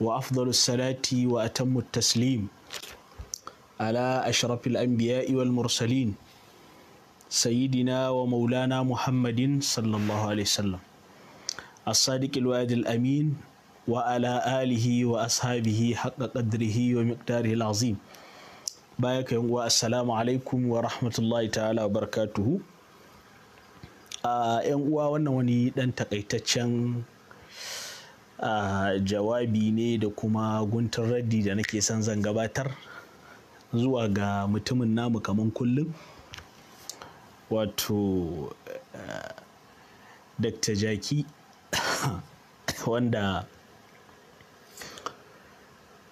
wa afdalu salati wa atammu taslim ala ashrafil anbiya'i wal mursalin sayyidina wa maulana muhammadin sallallahu alaihi wasallam as-sadiq al-wa'id al-amin wa ala alihi wa ashabihi haqqa qadrihi wa miqdarihi al-azim baya ka yanwa assalamu alaikum wa rahmatullahi ta'ala barkatuhu. barakatuhu a ah, yan uwa wannan wani dan takaitaccen a jawabi ne da kuma guntun raddi da nake son zan gabatar zuwa ga mutumin namu kamar kullum wato eh, dr jaki wanda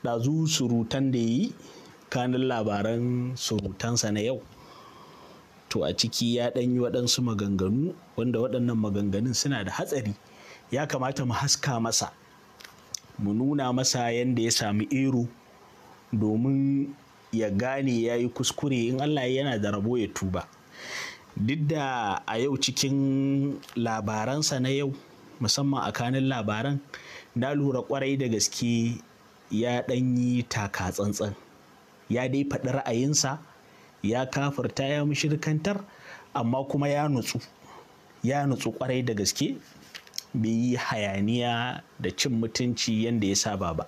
ɗazu surutan da yi kanin labaran surutansa na yau to a ciki ya ɗan yi waɗansu maganganu wanda waɗannan maganganun suna da hatsari ya kamata mu haska masa mu nuna masa yadda ya sami ero domin ya gane ya yi kuskure in allah yana da rabo ya tuba duk da a yau cikin labaransa na yau musamman a kanin labaran na lura kwarai da gaske ya ɗanyi taka tsantsan ya dai faɗi ra'ayinsa ya kafirta ya mushirkantar amma kuma ya nutsu ya nutsu kwarai da gaske bai yi hayaniya da cin mutunci yadda ya saba ba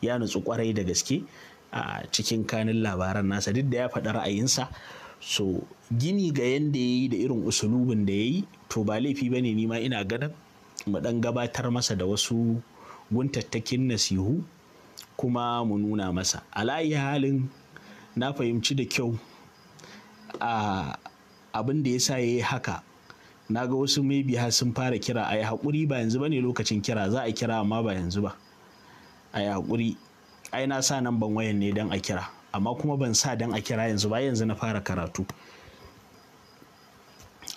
ya nutsu kwarai da gaske a cikin kanin labaran nasa duk da ya faɗa ra'ayinsa so gini ga yadda ya yi da irin usulubin da ya yi to ba laifi ba ne nima ina ganin mu ɗan gabatar masa da wasu guntattakin nasihu kuma mu nuna masa alayi halin na fahimci da kyau abin da ya sa ya yi haka na ga wasu maybe har sun fara kira a yi haƙuri ba yanzu ba ne lokacin kira za a kira amma ba yanzu ba a yi haƙuri ai na sa nan ban wayan ne don a kira amma kuma ban sa don a kira yanzu ba yanzu na fara karatu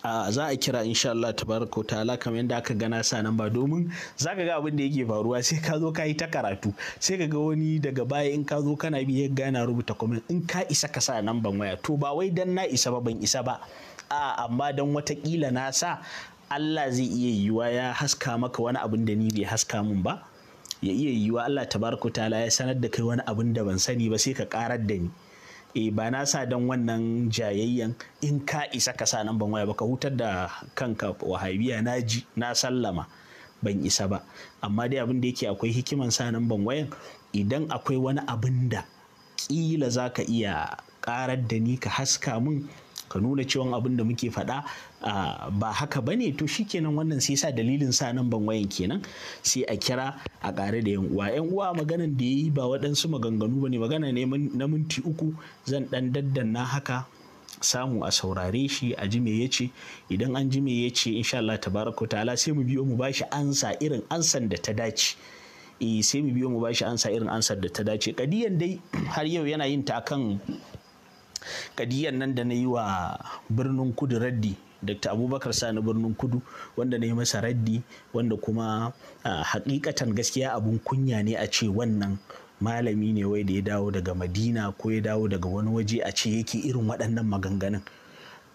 a za a kira insha Allah tabaraka ala kamar yadda aka gana sa nan ba domin za ka ga abin da yake faruwa sai ka zo ka yi ta karatu sai ka ga wani daga baya in ka zo kana biyar gana rubuta kuma in ka isa ka sa nan ban waya to ba wai dan na isa ba ban isa ba a amma don watakila na sa Allah zai iya yiwuwa ya haska maka wani abin da ni bai haska mun ba ya iya yiwuwa Allah tabaraka ta'ala ya sanar da kai wani abin da ban sani ba sai ka karar da ni e ba na sa don wannan jayayyan in ka isa ka sa nan ban waya ba ka hutar da kanka wahabiya na ji na sallama ban isa ba amma dai abin da yake akwai hikiman sa nan ban wayan idan akwai wani abin da kila zaka iya karar da ni ka haska mun ka nuna cewa abin da muke faɗa ba haka ba ne to shikenan wannan sai sa dalilin sa nan ban wayan kenan sai a kira a ƙare da yan uwa yan uwa maganan da yayi ba waɗansu maganganu ba ne magana ne na minti uku zan ɗan na haka samu a saurare shi a ji me ya ce idan an ji me ya ce insha Allah tabaraka ta'ala sai mu biyo mu bashi ansa irin ansan da ta dace eh, sai mu biyo mu bashi ansa irin ansar da ta dace kadiyan dai har yau yana yin ta akan kadiyan nan da na yi wa birnin kudu raddi dr abubakar sani birnin kudu wanda na yi masa raddi wanda kuma hakikatan gaskiya abun kunya ne a ce wannan malami ne wai da ya dawo daga madina ko ya dawo daga wani waje a ce yake irin waɗannan maganganun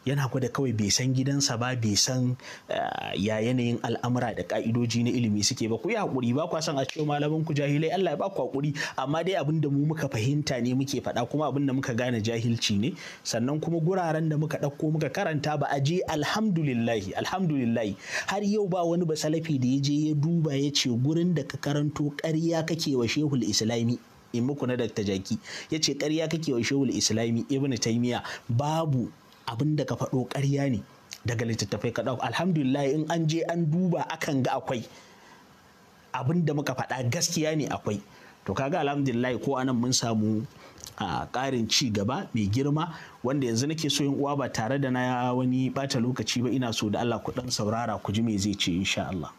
yana kwada kawai bai san gidansa ba bai san eh, ya yanayin al'amura da ka'idoji na ilimi suke ba ku yi hakuri ba kwa san a cewa malaman ku jahilai Allah ya ba ku hakuri amma dai abin da mu muka fahimta ne muke faɗa kuma abin da muka gane jahilci ne sannan kuma guraren da muka ɗauko muka karanta ba a je alhamdulillahi alhamdulillahi har yau ba wani ba salafi da ya je ya duba ya ce gurin da ka karanto ƙarya kake wa shehul islami in muku na dakta jaki ya ce ƙarya kake wa shehul islami ibnu taimiya babu abin da ka faɗo ƙarya ne daga littattafai ka ɗauka alhamdulillah in an je an duba akan ga akwai abin da muka faɗa gaskiya ne akwai to kaga alhamdulillah ko anan mun samu a ƙarin ci gaba mai girma wanda yanzu nake so yin uwa ba tare da na wani ɓata lokaci ba ina so da Allah ku ɗan saurara ku ji me zai ce insha Allah.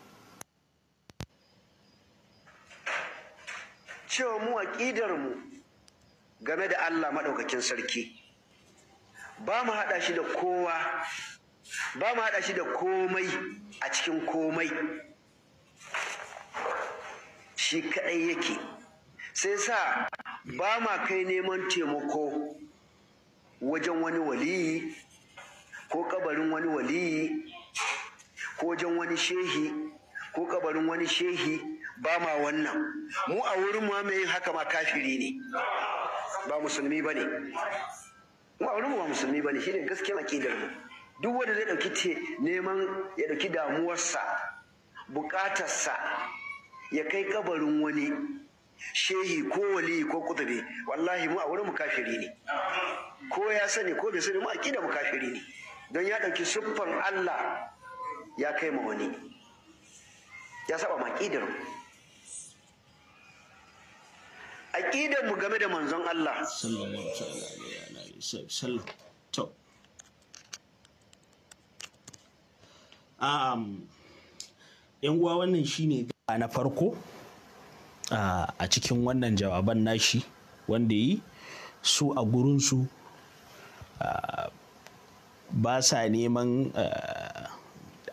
Cewa mu aƙidar mu game da Allah maɗaukakin sarki ba mu haɗa shi da kowa ba mu haɗa shi da komai a cikin komai shi kaɗai yake sai sa ba ma kai neman taimako wajen wani waliyi ko kabarin wani waliyi ko wajen wani shehi ko kabarin wani shehi ba ma wannan mu a wurin ma mai haka ma kafiri ne ba musulmi ba ne kuma mu ba musulmi ba ne shine gaskiyar akidar mu duk wanda zai dauki neman ya ɗauki damuwarsa bukatarsa ya kai kabarin wani shehi ko wali ko kutubi wallahi mu a wurin mu kafiri ne ko ya sani ko bai sani mu akida mu kafiri ne don ya ɗauki siffar Allah ya kai ma wani ya saba ma akidar mu aƙidar mu game da manzon Allah yan uwa wannan shine na farko a cikin wannan jawaban nashi wanda yi su a gurinsu ba sa neman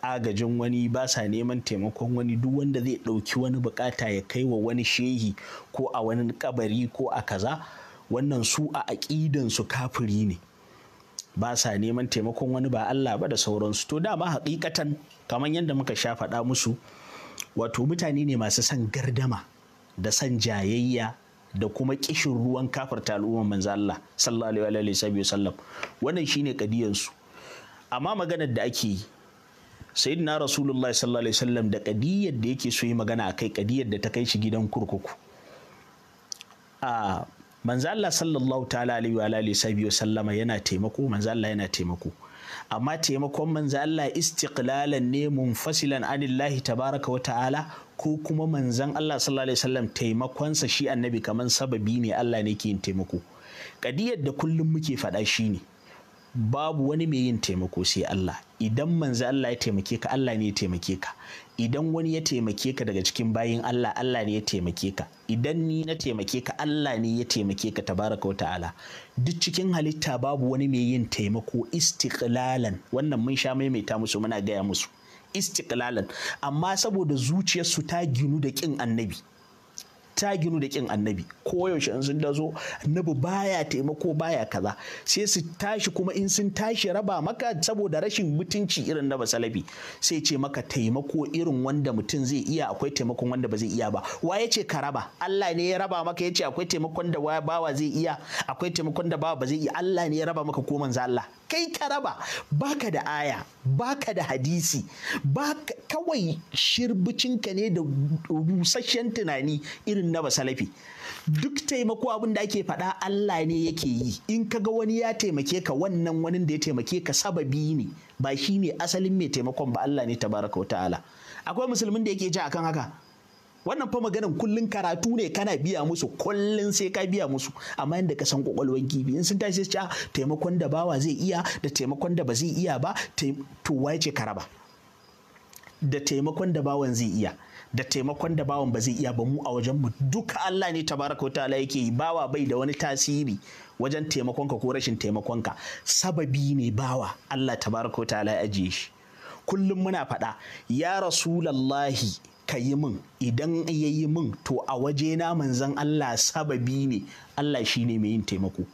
agajin wani ba sa neman taimakon wani duk wanda zai ɗauki wani bukata ya kai wa wani shehi ko a wani kabari ko a kaza wannan su a aƙidan su kafiri ne ba sa neman taimakon wani ba Allah ba da sauransu to dama hakikatan kamar yadda muka sha faɗa musu wato mutane ne masu son gardama da son jayayya da kuma kishin ruwan kafarta al'ummar manzo Allah sallallahu alaihi wa sallam wannan shine su amma maganar da ake yi sayyidina rasulullahi sallallahu alaihi wasallam da kadiyar da yake so yi magana a kai kadiyar da ta kai shi gidan kurkuku a manzo Allah sallallahu ta'ala alaihi wa alihi wa sallama yana taimako manzo Allah yana taimako amma taimakon manzo Allah istiqlalan ne munfasilan anillahi tabaraka wa ta'ala ko kuma manzan Allah sallallahu alaihi wasallam taimakonsa shi annabi kaman sababi ne Allah ne ke yin taimako kadiyar da kullum muke faɗa shi ne babu wani mai yin taimako sai Allah idan manzo Allah ya taimake ka Allah ne ya taimake ka idan wani ya taimake ka daga cikin bayin Allah Allah ne ya taimake ka idan ni na taimake ka Allah ne ya taimake ka tabaraka wa ta'ala duk cikin halitta babu wani mai yin taimako istiqlalan wannan mun sha maimaita musu muna gaya musu istiqlalan amma saboda zuciyarsu ta ginu da kin annabi ta ginu da kin annabi koyaushe in sun dazo annabi baya taimako baya kaza sai su tashi kuma in sun tashi raba maka saboda rashin mutunci irin na basalabi sai ce maka taimako irin wanda mutum zai iya akwai taimakon wanda ba zai iya ba wa yace ka raba Allah ne ya raba maka ya ce akwai taimakon da bawa zai iya akwai taimakon da bawa ba zai iya Allah ne ya raba maka ko manzo Allah kai ka raba baka da aya baka da hadisi baka kawai shirbicinka ne da rusasshen tunani irin na basalafi duk taimako abin da ake faɗa Allah ne yake yi in kaga wani ya taimake ka wannan wani da ya taimake ka sababi ne ba shi ne asalin mai taimakon ba Allah ne tabaraka wa ta'ala akwai musulmin da yake ji akan haka wannan fa maganan kullun karatu ne kana biya musu kullun sai ka biya musu amma yadda ka san kwakwalwar gibi in sun tashi sai ah, taimakon da bawa zai iya da taimakon da ba zai iya ba to waye ce ka raba da taimakon da bawan zai iya da taimakon da bawan ba zai iya ba mu a wajen mu duka Allah ne tabaraka wa ta'ala yake yi bawa bai da wani tasiri wajen taimakon ka ko rashin taimakon ka. sababi ne bawa Allah tabaraka wa ta'ala ya ajiye shi kullum muna faɗa ya rasulallahi ka yi min idan ya yi min to a waje na manzan Allah sababi ne Allah shi ne mai yin taimako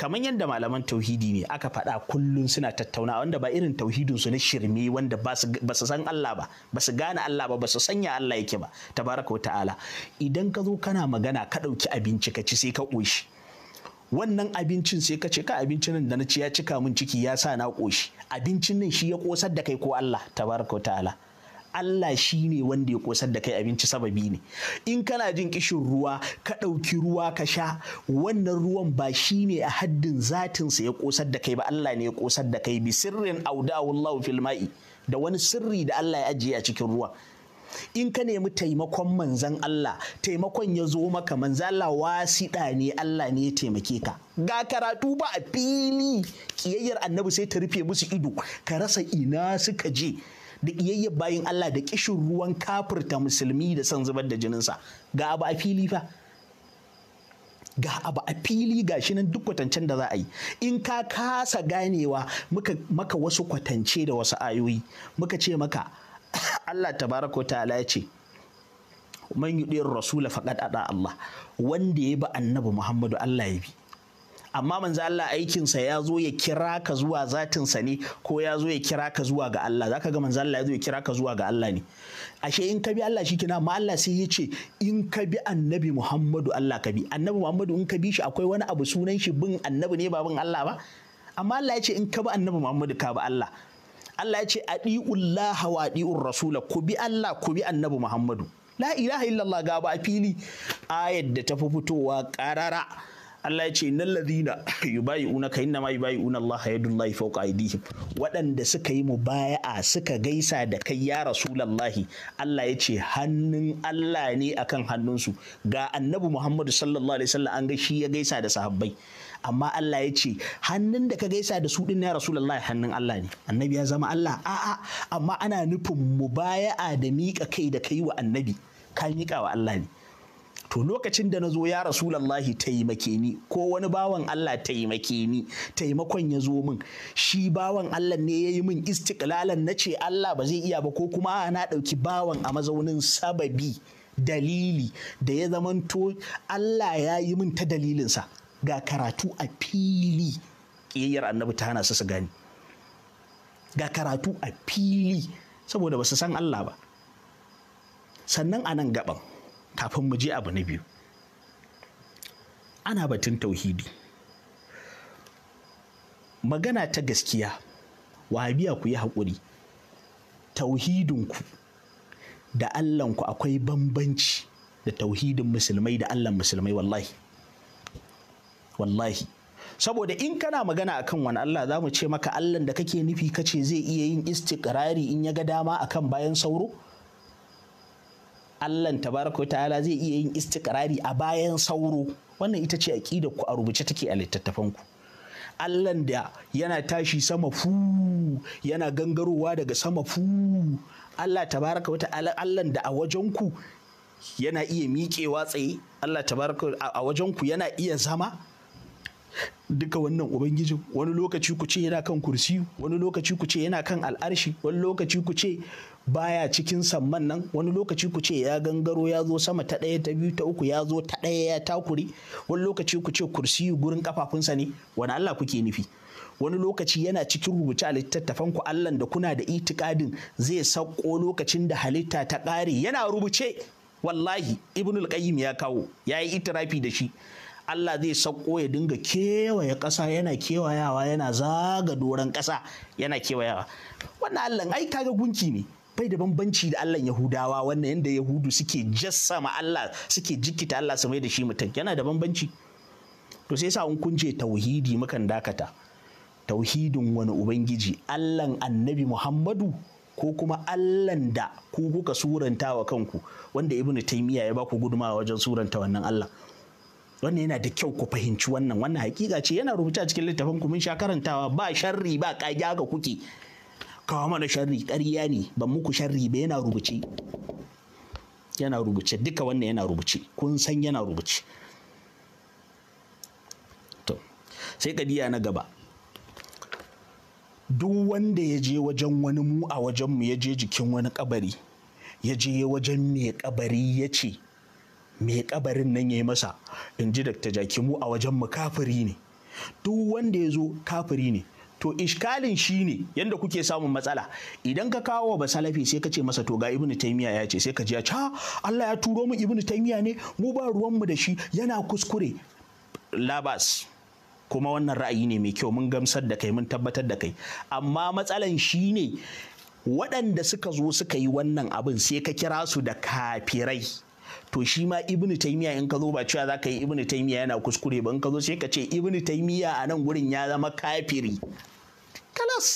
kamar yadda malaman tauhidi ne aka faɗa kullum suna tattauna wanda ba irin tauhidin su na shirme wanda ba su san Allah ba ba su gane Allah ba ba su sanya Allah yake ba tabaraka wa ta'ala idan ka zo kana magana ka ɗauki abinci ka ci sai ka ƙoshi wannan abincin sai ka ce ka abincin nan da na ci ya cika min ciki ya sa na ƙoshi abincin nan shi ya ƙosar da kai ko Allah tabaraka wa ta'ala Allah shi ne wanda ya kosar da kai abinci sababi ne in kana jin kishin ruwa ka ɗauki ruwa ka sha wannan ruwan ba shi ne a haddin zatinsa ya kosar da kai ba Allah ne ya kosar da kai bi sirrin audawullahu fil ma'i da wani sirri da Allah ya ajiye a cikin ruwa in ka nemi taimakon manzan Allah taimakon ya zo maka manzan Allah wasiɗa ne Allah ne ya taimake ka ga karatu ba a fili kiyayyar annabi sai ta rufe musu ido ka rasa ina suka je da iyayya bayin Allah da kishin ruwan kafirta musulmi da son zubar da jininsa ga abu a fili fa ga abu a fili ga shi nan duk kwatancen da za a yi in ka kasa ganewa maka wasu kwatance da wasu ayoyi muka ce maka Allah Ta ta'ala ya ce man yudir rasula faqad Allah wanda ya bi annabi Muhammadu Allah ya bi amma manzo Allah aikin sa ya zo ya kira ka zuwa zatin sa ne ko ya zo ya kira ka zuwa ga Allah zaka ga manzo Allah ya zo ya kira ka zuwa ga Allah ne ashe in ka bi Allah shi kina amma Allah sai ya ce in ka bi annabi Muhammadu Allah ka bi annabi Muhammadu in ka bi shi akwai wani abu sunan shi bin annabi ne ba bin Allah ba amma Allah ya ce in ka bi annabi Muhammadu ka bi Allah Allah ya ce adi'ullah wa adi'ur rasula ku bi Allah ku bi annabi Muhammadu la ilaha illallah ga ba a fili ayar da ta fi fitowa ƙarara Allah ya ce innal ladina yubayi'una ka innama yubayi'una Allah yadullahi fawqa aydihim waɗanda suka yi mubaya'a suka gaisa da kai ya rasulullahi Allah ya ce hannun Allah ne akan hannunsu ga annabi Muhammadu sallallahu alaihi wasallam an ga shi ya gaisa da sahabbai amma Allah ya ce hannun da ka gaisa da su din ya rasulullahi hannun Allah ne annabi ya zama Allah a'a amma ana nufin mubaya'a da miƙa kai da kai wa annabi ka miƙawa wa Allah ne to lokacin da na zo ya rasulallahi taimake ni ko wani bawan Allah taimake ni taimakon ya zo min shi bawan Allah ne ya yi min istiklalan na ce Allah ba zai iya ba ko kuma na ɗauki bawan a mazaunin sababi dalili da ya zamanto Allah ya yi min ta dalilinsa ga karatu a fili ƙiyayyar annabi ta hana su su gani ga karatu a fili saboda ba su san Allah ba sannan a nan gaban kafin mu je abu na biyu ana batun tauhidi magana ta gaskiya wahabiya ku yi haƙuri tauhidinku da allahnku akwai bambanci da tauhidin musulmai da allah musulmai wallahi wallahi saboda in kana magana akan wani Allah za mu ce maka Allah da kake nufi kace zai iya yin istikrari in ya ga dama akan bayan sauro Allah tabaraka ta'ala zai iya yin istikrari a bayan sauro wannan ita ce aqida ku a rubuce take a littattafan ku Allah da yana tashi sama fu yana gangarowa daga sama fu Allah tabaraka wa ta'ala Allah da a wajen ku yana iya miƙewa tsaye Allah tabaraka a wajen ku yana iya zama duka wannan ubangiji, wani lokaci ku ce yana kan kursi wani lokaci ku ce yana kan al'arshi wani lokaci ku ce baya cikin samman nan wani lokaci ku ce ya gangaro ya zo sama ta ɗaya ta biyu ta uku ya zo ta ɗaya ya takuri wani lokaci ku ce kursiyu gurin kafafunsa ne wani Allah kuke nufi wani lokaci yana cikin rubuce a littattafan ku Allah da kuna da itikadin zai sauko lokacin da halitta ta ƙare yana rubuce wallahi ibnul qayyim ya kawo ya yi itirafi da shi Allah zai sauko ya dinga kewaye ƙasa yana kewayawa yana zaga doron ƙasa yana kewayawa wannan Allah ai kaga gunki ne bai da bambanci da Allah Yahudawa wannan yadda Yahudu suke jassa ma Allah suke jikita Allah su mai da shi mutum yana da bambanci to sai yasa in kun je tauhidi mukan dakata tauhidin wani ubangiji Allahn Annabi Muhammadu ko kuma Allahn da ku kuka suranta wa kanku wanda Ibn Taymiya ya baku guduma wajen suranta wannan Allah wannan yana da kyau ku fahimci wannan wannan hakika ce yana rubuta cikin littafin ku mun sha karantawa ba sharri ba kage ga kuke kawo mana sharri ƙarya ne ban muku sharri ba yana rubuce yana rubuce duka wannan yana rubuce kun san yana rubuce to sai kadiya na gaba duk wanda ya je wajen wani mu a wajen mu ya je jikin wani kabari ya je wajen mai kabari ya ce mai kabarin nan ya yi masa in ji dakta jaki mu a wajen mu kafiri ne duk wanda ya zo kafiri ne to ishkalin ne yadda kuke samun matsala idan ka kawo wa salafi sai ka ce masa to ga ibnu taymiya ya ce sai ka ji ca Allah ya turo mu ibnu taymiya ne mu ba ruwan mu da shi yana kuskure labas kuma wannan ra'ayi ne mai kyau mun gamsar da kai mun tabbatar da kai amma matsalan shi ne waɗanda suka zo suka yi wannan abin sai ka kira su da kafirai to shi ma ibnu taymiya in ka zo ba cewa za ka yi ibnu taymiya yana kuskure ba in ka zo sai ka ce ibnu taymiya a nan gurin ya zama kafiri talas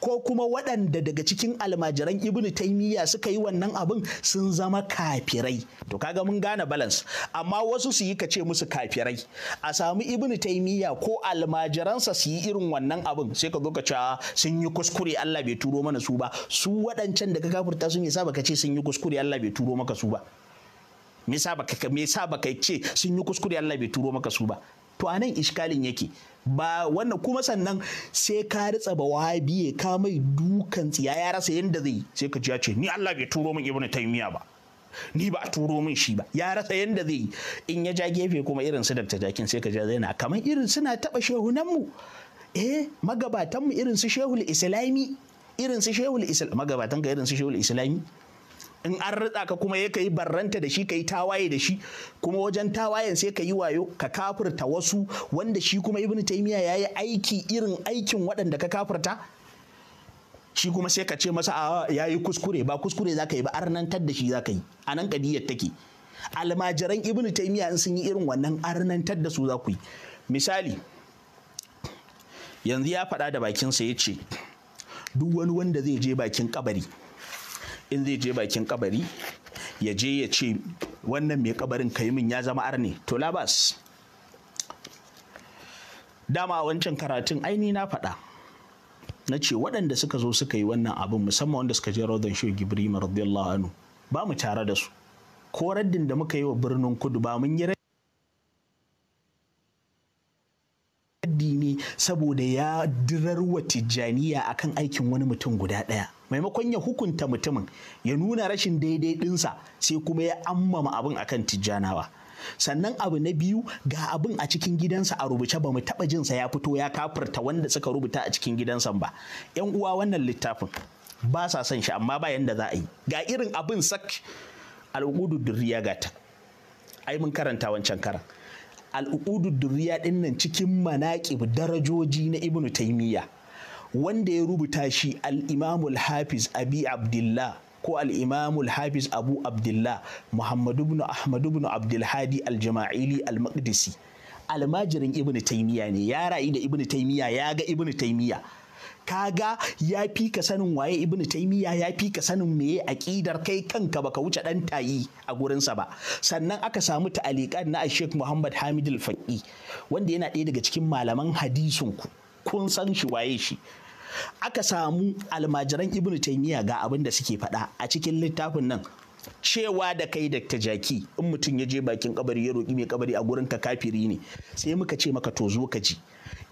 ko kuma waɗanda daga cikin almajiran ibnu taimiyya suka yi wannan abin sun zama kafirai to kaga mun gane balance amma wasu su yi ka ce musu kafirai a samu ibnu taimiyya ko almajiransa su yi irin wannan abin sai ka zo ka cewa sun yi kuskure Allah bai turo mana su ba su waɗancan da ka kafurta sun yasa baka ce sun yi kuskure Allah bai turo maka su ba me yasa baka me yasa baka ce sun yi kuskure Allah bai turo maka su ba to anan iskalin yake ba wannan kuma sannan sai ka ritsa ba biye ka mai dukan tsiya ya rasa yadda zai sai ka ce ni Allah bai turo min ibnu taymiya ba ni ba a turo min shi ba ya rasa yadda zai in ya ja gefe kuma irin su dakta jakin sai ka ja zaina kamar irin suna taba shehunan mu eh magabatan mu irin su shehul islami irin su shehul islami magabatan ka irin su shehul islami in an ritsa ka kuma ya kayi barranta da shi ka yi tawaye da shi kuma wajen tawayen sai ka yi wayo ka kafirta wasu wanda shi kuma ibnu taymiya ya yi aiki irin aikin waɗanda ka kafirta shi kuma sai ka ce masa a ya yi kuskure ba kuskure za ka yi ba arnantar da shi za ka yi a nan kadiyar take almajiran ibnu taymiya in sun yi irin wannan arnantar da su za ku yi misali yanzu ya faɗa da bakinsa ya ce duk wani wanda zai je bakin kabari in zai je bakin kabari ya je ya ce wannan mai kabarin ka yi min ya zama arne to labas dama wancan karatun aini na faɗa na ce waɗanda suka zo suka yi wannan abin musamman wanda suka je rodon shi gibri radiyallahu anhu ba mu tare da su ko raddin da muka yi wa birnin kudu ba mun yi saboda ya dirarwa tijjaniya akan aikin wani mutum guda ɗaya maimakon ya hukunta mutumin ya nuna rashin daidai ɗinsa sai kuma ya ammama abin akan tijjanawa sannan abu na biyu ga abin a cikin gidansa a rubuce ba mu taɓa jinsa ya fito ya kafarta wanda suka rubuta a cikin gidansa ba yan uwa wannan littafin ba sa son shi amma ba yanda za a yi ga irin abin sak al'udu durriya gata ai mun karanta wancan karan al’udu durriya din nan cikin manaƙib darajoji na ibnu taimiyya wanda ya rubuta shi al-imamul hafiz abi abdullah ko al-imamul hafiz abu abdullah muhammadu ibn ahmadu ibn abdulhadi al-jama'ili al-maqdisi almajirin ibnu taimiyya ne ya rayu da ibnu taimiyya ya ga ibnu taimiyya kaga ya fi ka sanin waye ibn taimiya ya fi ka sanin meye aƙidar kai kanka baka wuce dan tayi a gurinsa ba sannan aka samu ta'aliqat na Sheikh Muhammad Hamid al wanda yana ɗaya daga cikin malaman hadisin ku kun san shi waye shi aka samu almajiran ibn taimiya ga abin da suke faɗa a cikin littafin nan cewa da kai da jaki in mutum ya je bakin kabari ya roki mai kabari a gurin ka kafiri ne sai muka ce maka to zo ka ji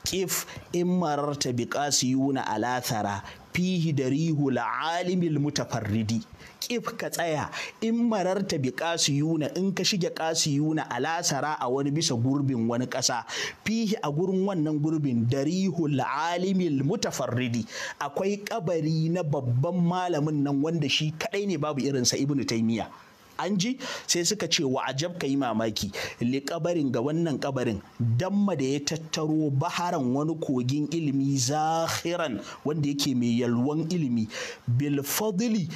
ƙif in mararta bi qasiyuna ala thara fihi rihu la'alimil mutafarridi kif ka tsaya in mararta bi kasiyuna in ka shige kasiyuna alasara a wani bisa gurbin wani ƙasa fihi a gurin wannan gurbin rihu la'alimil mutafarridi akwai ƙabari na babban malamin nan wanda shi kaɗai ne babu irinsa ibnu taimiyya an ji sai suka ce wa ajab ka yi mamaki liƙabarin ga wannan kabarin damma da ya tattaro baharan wani kogin ilimi zahiran wanda yake mai yalwan ilimi bil ƙabarin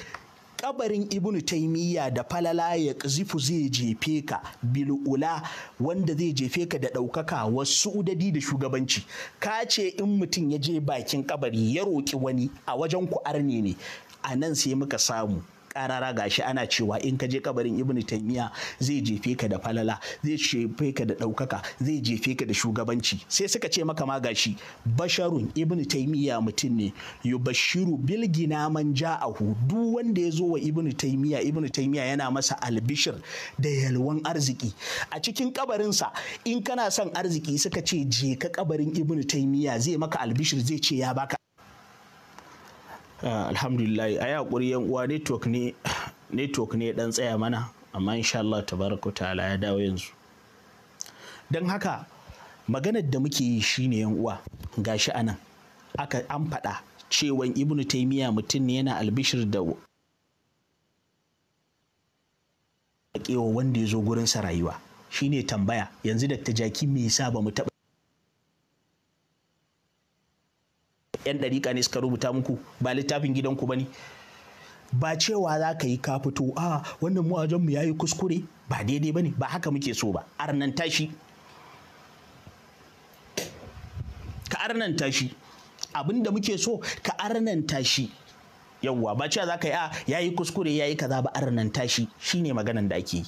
kabarin ibnu taimiyya da falala ya zifu zai jefe ka bil'ula wanda zai jefe ka da ɗaukaka wasu udadi da shugabanci ka ce in mutum ya je bakin kabari ya roƙi wani a wajen ku arne ne a nan sai muka samu karara gashi ana cewa in ka je kabarin ibnu taimiya zai jefe ka da falala zai jefe ka da ɗaukaka zai jefe ka da shugabanci sai suka ce maka magashi basharun ibnu taimiya mutum ne bashiru bil gina man ja'ahu duk wanda ya zo wa ibnu taimiya ibnu taimiya yana masa albishir da yalwan arziki a cikin kabarinsa in kana son arziki suka ce je ka kabarin ibnu taimiya zai maka albishir zai ce ya baka Ah, alhamdulillah aya hakuri yan uwa network ne network ne dan tsaya mana amma insha Allah tabaraka ta'ala ya dawo yanzu dan haka maganar da muke yi shine yan uwa gashi anan aka an faɗa cewa ibnu taimiya mutum ne yana albishir da wanda ya zo gurinsa rayuwa shine tambaya yanzu da ta jaki me sa ba mu taɓa 'yan ɗariƙa ne suka rubuta muku ba littafin gidanku ba ne ba cewa za ka yi ka fito a wannan mu ya yi kuskure ba daidai ba ne ba haka muke so ba ka arnanta shi abin da muke so ka arnanta shi yawwa ba cewa za ka yi a ya yi kuskure ya yi kaza ba arnanta shi shine maganan da ake yi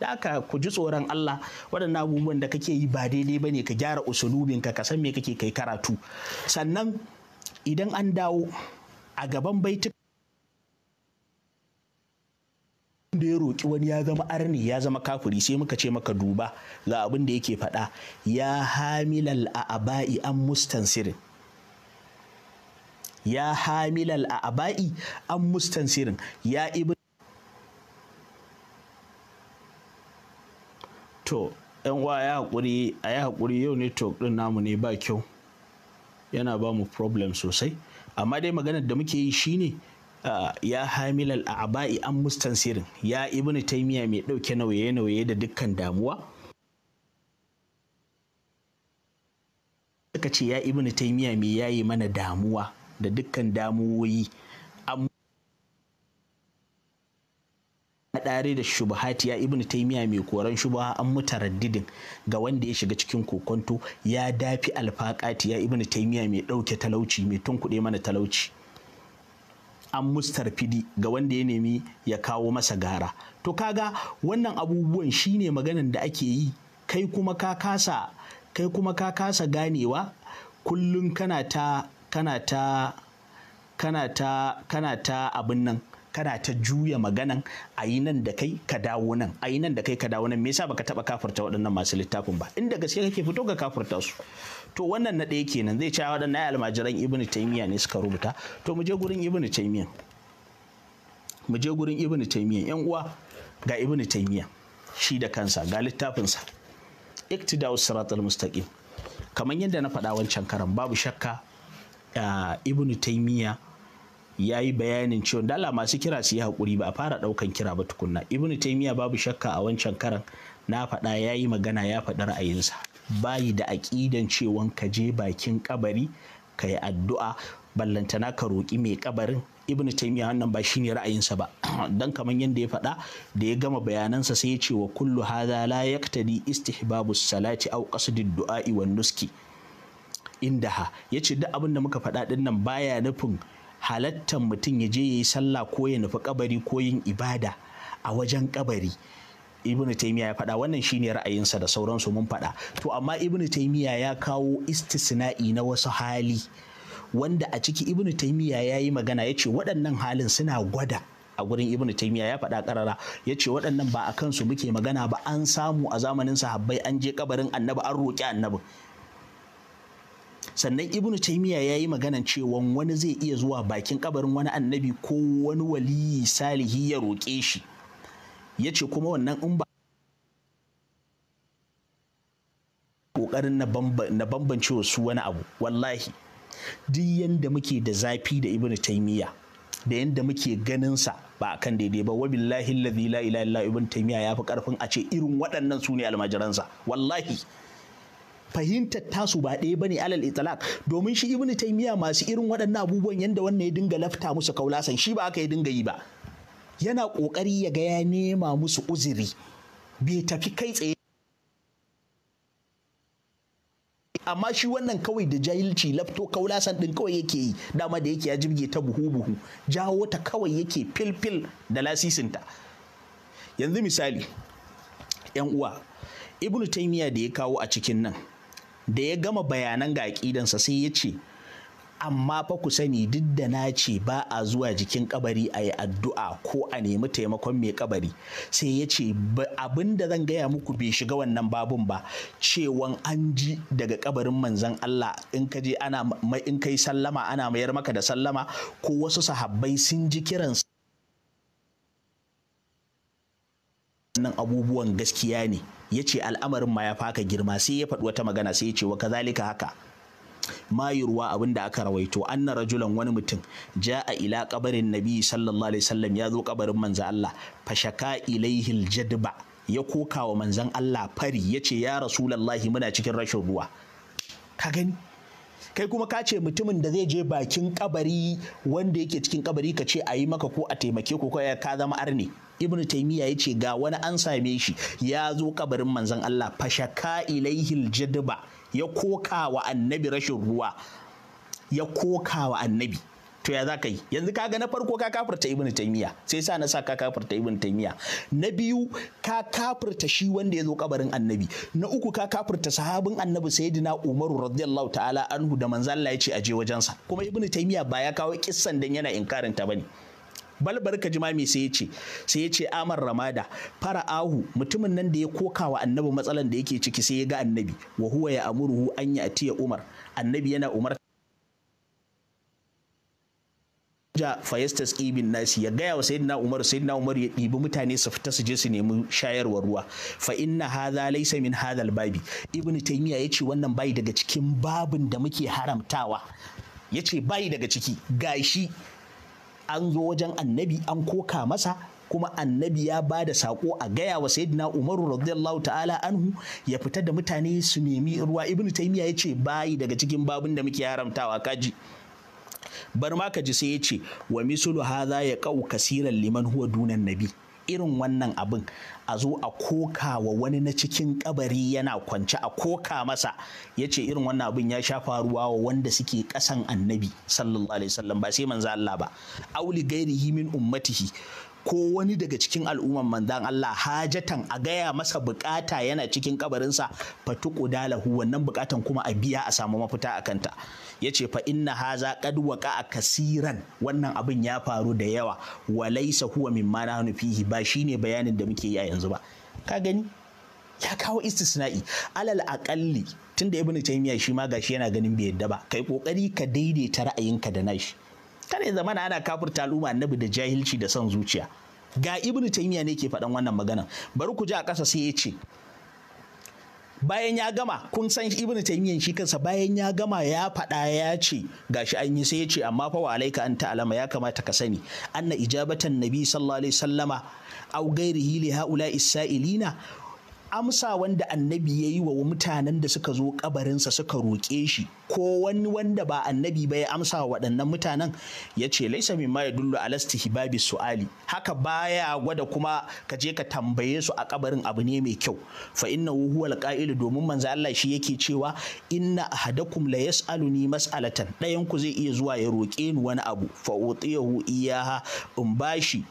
da aka ku ji tsoron Allah waɗannan abubuwan da kake yi ba daidai ba ne ka gyara usulubinka ka san me kake kai karatu sannan idan an dawo a gaban baiti da ya roƙi wani ya zama arni ya zama kafiri sai muka ce maka duba ga abin da yake faɗa ya hamilal a abai an mustansirin ya hamilal a abai an mustansirin ya ibi to yan wa ya haƙuri ya haƙuri yau ne to ɗin namu ne ba kyau yana ba mu problem sosai amma dai maganar da muke yi shine ya hamilal a'ba'i an mustansirin ya ibnu taimiya mai ɗauke nauye-nauye da dukkan damuwa suka ce ya ibnu taimiya mai yayi mana damuwa da dukkan damuwoyi hadari da shubahati ya ibnu taimiya mai koran shubaha an mutaraddidin ga wanda ya shiga cikin kokonto ya dafi alfaqati ya ibnu taimiya mai dauke talauci mai tunkuɗe mana talauci an mustarfidi ga wanda ya nemi ya kawo masa gara to kaga wannan abubuwan shine maganan da ake yi kai kuma ka kasa kai kuma ka kasa ganewa kullun kana ta kana ta kana ta kana ta abin nan kana ta juya maganan a yi nan da kai ka dawo nan a yi nan da kai ka dawo nan me yasa baka taba kafurta waɗannan masu littafin ba inda gaske kake fito ga kafurta su to wannan na ɗaya kenan zai cewa waɗannan almajiran ibnu taymiya ne suka rubuta to mu je gurin ibnu taymiya mu je gurin ibnu taymiya yan uwa ga ibnu taymiya shi da kansa ga littafinsa iktida'u siratal mustaqim kamar yadda na faɗa wancan karan babu shakka ah, ibnu taymiya ya yi bayanin cewa dala masu kira su yi haƙuri ba a fara ɗaukan kira ba tukunna ibnu taimiya babu shakka a wancan karan na faɗa ya yi magana ya faɗi ra'ayinsa bayi da aƙidan cewan ka je bakin kabari ka yi addu'a ballantana ka roƙi mai kabarin ibnu taimiya wannan ba shine ra'ayinsa ba dan kamar yadda ya faɗa da ya gama bayanansa sai ya ce wa kullu hadha la yaqtadi istihbabus salati aw qasdid du'a'i wan nuski indaha yace duk abin da muka faɗa ɗin nan baya nufin halattar mutum ya je ya yi sallah ko ya nufi kabari ko yin ibada a wajen kabari ibn taimiya ya faɗa wannan shine ra'ayinsa da sauransu mun faɗa to amma ibnu taimiya ya kawo istisna'i na wasu hali wanda a ciki ibnu taimiya ya yi magana ya ce waɗannan halin suna gwada a gurin ibn taimiya ya faɗa karara ya ce waɗannan ba a kansu muke magana ba an samu a zamanin sahabbai an je kabarin annabi an roƙi annabi sannan ibnu ya yi maganan cewa wani zai iya zuwa bakin kabarin wani annabi ko wani waliyi salihi ya roƙe shi Ya ce kuma wannan in ba ƙoƙarin na bambance wasu wani abu wallahi duk yanda muke da zafi da ibnu taimiya da yanda muke ganin sa ba kan daidai ba wabillahi allazi la ilaha illa ibnu ya fi karfin a ce irin waɗannan su ne almajiransa wallahi fahimtar tasu ba ɗaya bane alal itlaq domin shi ibnu taymiya masu irin waɗannan abubuwan yanda wannan ya dinga lafta musu kaulasan shi ba aka ya dinga yi ba yana ƙoƙari ya ga ya nema musu uzuri bai tafi kai tsaye amma shi wannan kawai da jahilci lafto kaulasan ɗin kawai yake yi dama da yake ya jibge ta buhu buhu jawo ta kawai yake filfil da lasisinta yanzu misali yan uwa ibnu taimiya da ya kawo a cikin nan da ya gama bayanan ga aƙidansa sai ya ce amma fa ku sani duk da na ce ba a zuwa jikin kabari a yi addu'a ko a nemi taimakon mai kabari sai ya ce abin da zan gaya muku bai shiga wannan babun ba cewan an ji daga kabarin manzan Allah in ka je ana in kai sallama ana mayar maka da sallama ko wasu sahabbai sun ji kiran nan abubuwan gaskiya ne ya ce al'amarin ma ya faka girma sai ya faɗi wata magana sai ya ce wa kazalika haka mayurwa abin da aka rawaito anna rajulan wani mutum ja'a ila kabarin nabi sallallahu alaihi wasallam ya zo kabarin manzo Allah fashaka ilaihi aljadba ya koka wa manzon Allah fari ya ce ya rasulallahi muna cikin rashin ruwa ka gani kai kuma ka ce mutumin da zai je bakin kabari wanda yake cikin kabari ka ce a yi maka ko a taimake ko ka zama arne ibnu taymiya ya ce ga wani an same shi ya zo kabarin manzon Allah fashaka ilaihil jadba ya koka wa annabi rashin ruwa ya koka wa annabi to ya zaka yi yanzu kaga na farko ka kafirta ibnu taymiya sai sa na sa ka kafirta ibnu taymiya na biyu ka kafirta shi wanda ya zo kabarin annabi na uku ka kafirta sahabin annabi sayyidina umaru radiyallahu ta'ala anhu da manzo Allah ya ce aje sa kuma ibnu taymiya ba ya kawo kissan dan yana inkarin ta bane balbar barka jima me sai yace sai yace ce amar ramada ahu, mutumin nan da ya koka wa annabi matsalan da yake ciki sai ya ga annabi wa huwa ya amuruhu an ya atiya umar annabi yana umar ja fayestas ibin nasi ya gaya wa sayyidina umar sayyidina umar ya ɗibi mutane su fita su je su nemi shayarwar ruwa fa inna hadha laysa min hadha babi ibn taymiya yace wannan bai daga cikin babin da muke haramtawa yace bai daga ciki gashi an zo wajen annabi an koka masa kuma annabi ya ba da saƙo a gaya wa sayyidina umaru radiyallahu ta'ala anhu ya fita da mutane su nemi ruwa Ibn taymiya yace bai daga cikin babin da muke haramtawa kaji bar ma ka ji sai ya ce wa misulu za ya kau kasiran liman huwa dunan nabi irin wannan abin a zo a koka wa wani na cikin kabari yana kwance a koka masa ya ce irin wannan abin ya sha faruwa wa wanda suke kasan annabi sallallahu alaihi wasallam ba sai manzo Allah ba auli gairihi min ummatihi ko wani daga cikin al'umman manzan Allah hajatan a gaya masa bukata yana cikin kabarinsa fatuku wannan bukatan kuma a biya a samu mafita a kanta ya ce fa inna haza qad a kasiran wannan abin ya faru da yawa wa laysa huwa mimma nahnu fihi ba shine bayanin da muke yi a yanzu ba ka gani ya kawo istisna'i alal aƙalli tunda Ibn taymiya shi ma gashi yana ganin bai yadda ba kai kokari ka daidaita ra'ayinka da nashi kada ya zamana ana kafirta al'umma annabi da jahilci da son zuciya ga Ibn taymiya ne ke faɗan wannan maganan bari ku je a ƙasa sai ya ce bayan ya gama kun san ibnu taymiyyah shi kansa bayan ya gama ya faɗa ya ce gashi an yi sai ya ce amma fa wa alaika anta alama ya kamata ka sani anna ijabatan nabi sallallahu alaihi wasallama aw ghairihi li haula isailina amsa wanda annabi ya yi wa mutanen da suka zo kabarinsa suka roƙe shi ko wani wanda ba annabi ba ya amsa wa waɗannan mutanen ya ce laisa min ma ya yadullu ala babi su'ali haka baya gwada kuma ka je ka tambaye su a kabarin abu ne mai kyau fa inna huwa alqa'ilu domin manzo Allah shi yake cewa inna ahadakum la yas'aluni mas'alatan ɗayan ku zai iya zuwa ya roƙe ni wani abu fa utiyahu iyaha in bashi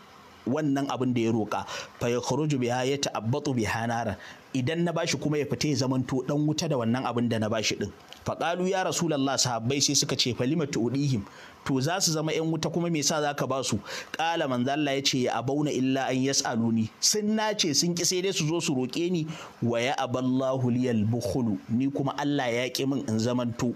wannan abin da ya roƙa fa ya kharuju biha ya ta'abbatu biha nara idan na bashi kuma ya fita ya zamanto dan wuta da wannan abin da na bashi din faƙalu ya rasulullah sahabbai sai suka ce falima tuudihim to za su zama yan wuta kuma me yasa zaka ba su qala manzo Allah ya ce ya abauna illa an yasaluni sun nace sun ki sai dai su zo su roke ni wa ya aballahu liyal bukhulu ni kuma Allah ya ki min in zamanto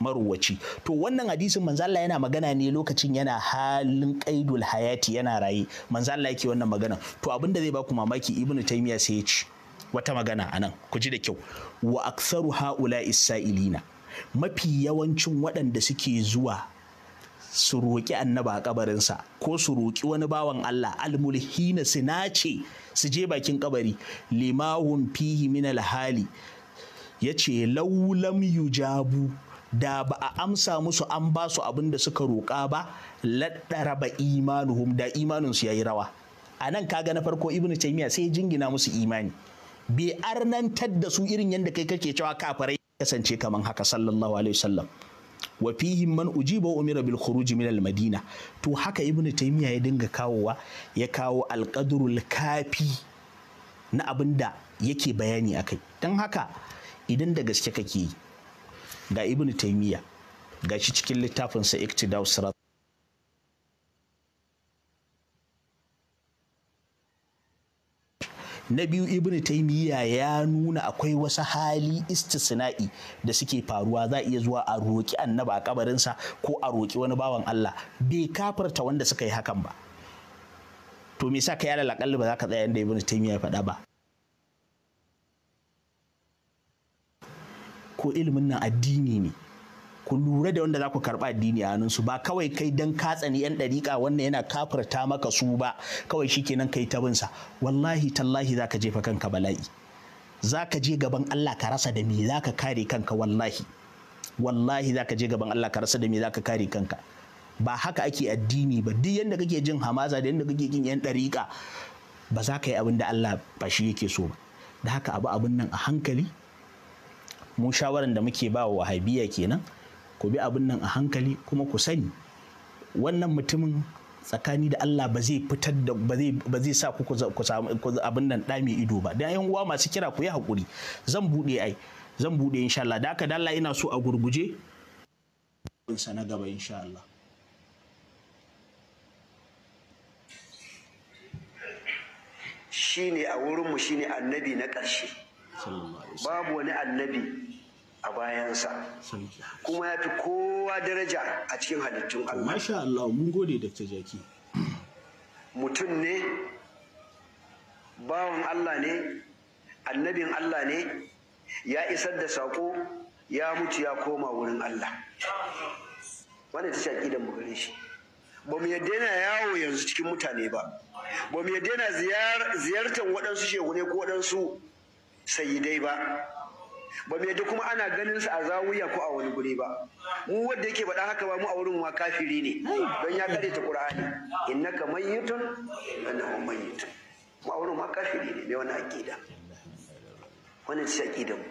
maruwaci to wannan hadisin manzo yana magana ne lokacin yana halin qaidul hayati yana raye manzo Allah yake wannan magana to abin da zai ku mamaki ibnu taymiya sai ya ce wata magana anan ku ji da kyau wa aktsaru haula isailina mafi yawancin waɗanda suke zuwa su roƙi annaba a kabarinsa ko su roƙi wani bawan Allah almulhina su nace su je bakin kabari limahum fihi min alhali ya ce laulam yujabu da ba a amsa musu an ba su abin da suka roƙa ba laddara ba imanuhum da imaninsu yayi rawa a nan kaga na farko ibnu taymiya sai jingina musu imani bai arnantar da su irin yadda kai kake cewa kafarai kasance kaman haka sallallahu alaihi wasallam wa fihi man ujiba umira bil khuruj min al madina to haka ibnu taymiya ya dinga kawowa ya kawo qadrul kafi na abinda yake bayani akai dan haka idan da gaske kake yi da ibn taimiyya ga shi cikin littafinsa iktidaw sirat na biyu ibn taimiyya ya nuna akwai wasu hali istisna'i da suke faruwa za iya zuwa a roƙi annaba a kabarinsa ko a roƙi wani bawan Allah bai kafarta wanda suka yi hakan ba to me yasa kai alal ba za ka tsaya inda ibn taimiyya ya faɗa ba ko ilimin nan addini ne ku lura da wanda za ku karɓa addini a su ba kawai kai dan ka tsani yan ɗariƙa wannan yana kafirta maka su ba kawai shi kenan kai ta binsa wallahi tallahi za ka jefa kanka bala'i za ka je gaban Allah ka rasa da me za ka kare kanka wallahi wallahi za ka je gaban Allah ka rasa da me za ka kare kanka ba haka ake addini ba duk yadda kake jin hamaza da yanda kake jin yan ɗariƙa ba za ka yi abin da Allah ba shi yake so ba da haka abu abun nan a hankali mu shawaran da muke ba wa wahabiya kenan ku bi abin nan a hankali kuma ku sani wannan mutumin tsakani da Allah ba zai fitar da ba zai sa ku abin nan ɗa ido ba dan yan uwa masu kira ku yi hakuri zan buɗe ai zan bude insha Allah da haka da Allah ina so a gurguje sa na gaba insha Allah shine a mu shine annabi na ƙarshe babu wani annabi a bayansa kuma ya fi kowa daraja a cikin halittun Allah. Masha Allah mun gode Dr. Jaki. Mutum ne, bawan Allah ne, annabin Allah ne, ya isar da saƙo ya mutu ya koma wurin Allah. Wanda ta shaƙi da gare shi. Ba mu yadda yana yawo yanzu cikin mutane ba. Ba mu yadda yana ziyartar waɗansu ne ko waɗansu sayidai ba ba mai da kuma ana ganin su a zawiya ko a wani guri ba mu wanda yake faɗa haka ba mu a wurin ma kafiri ne don ya kare ta qur'ani innaka mayyitun annahum mayyitun mu a wurin ma kafiri ne mai wani aqida wannan ce aqida mu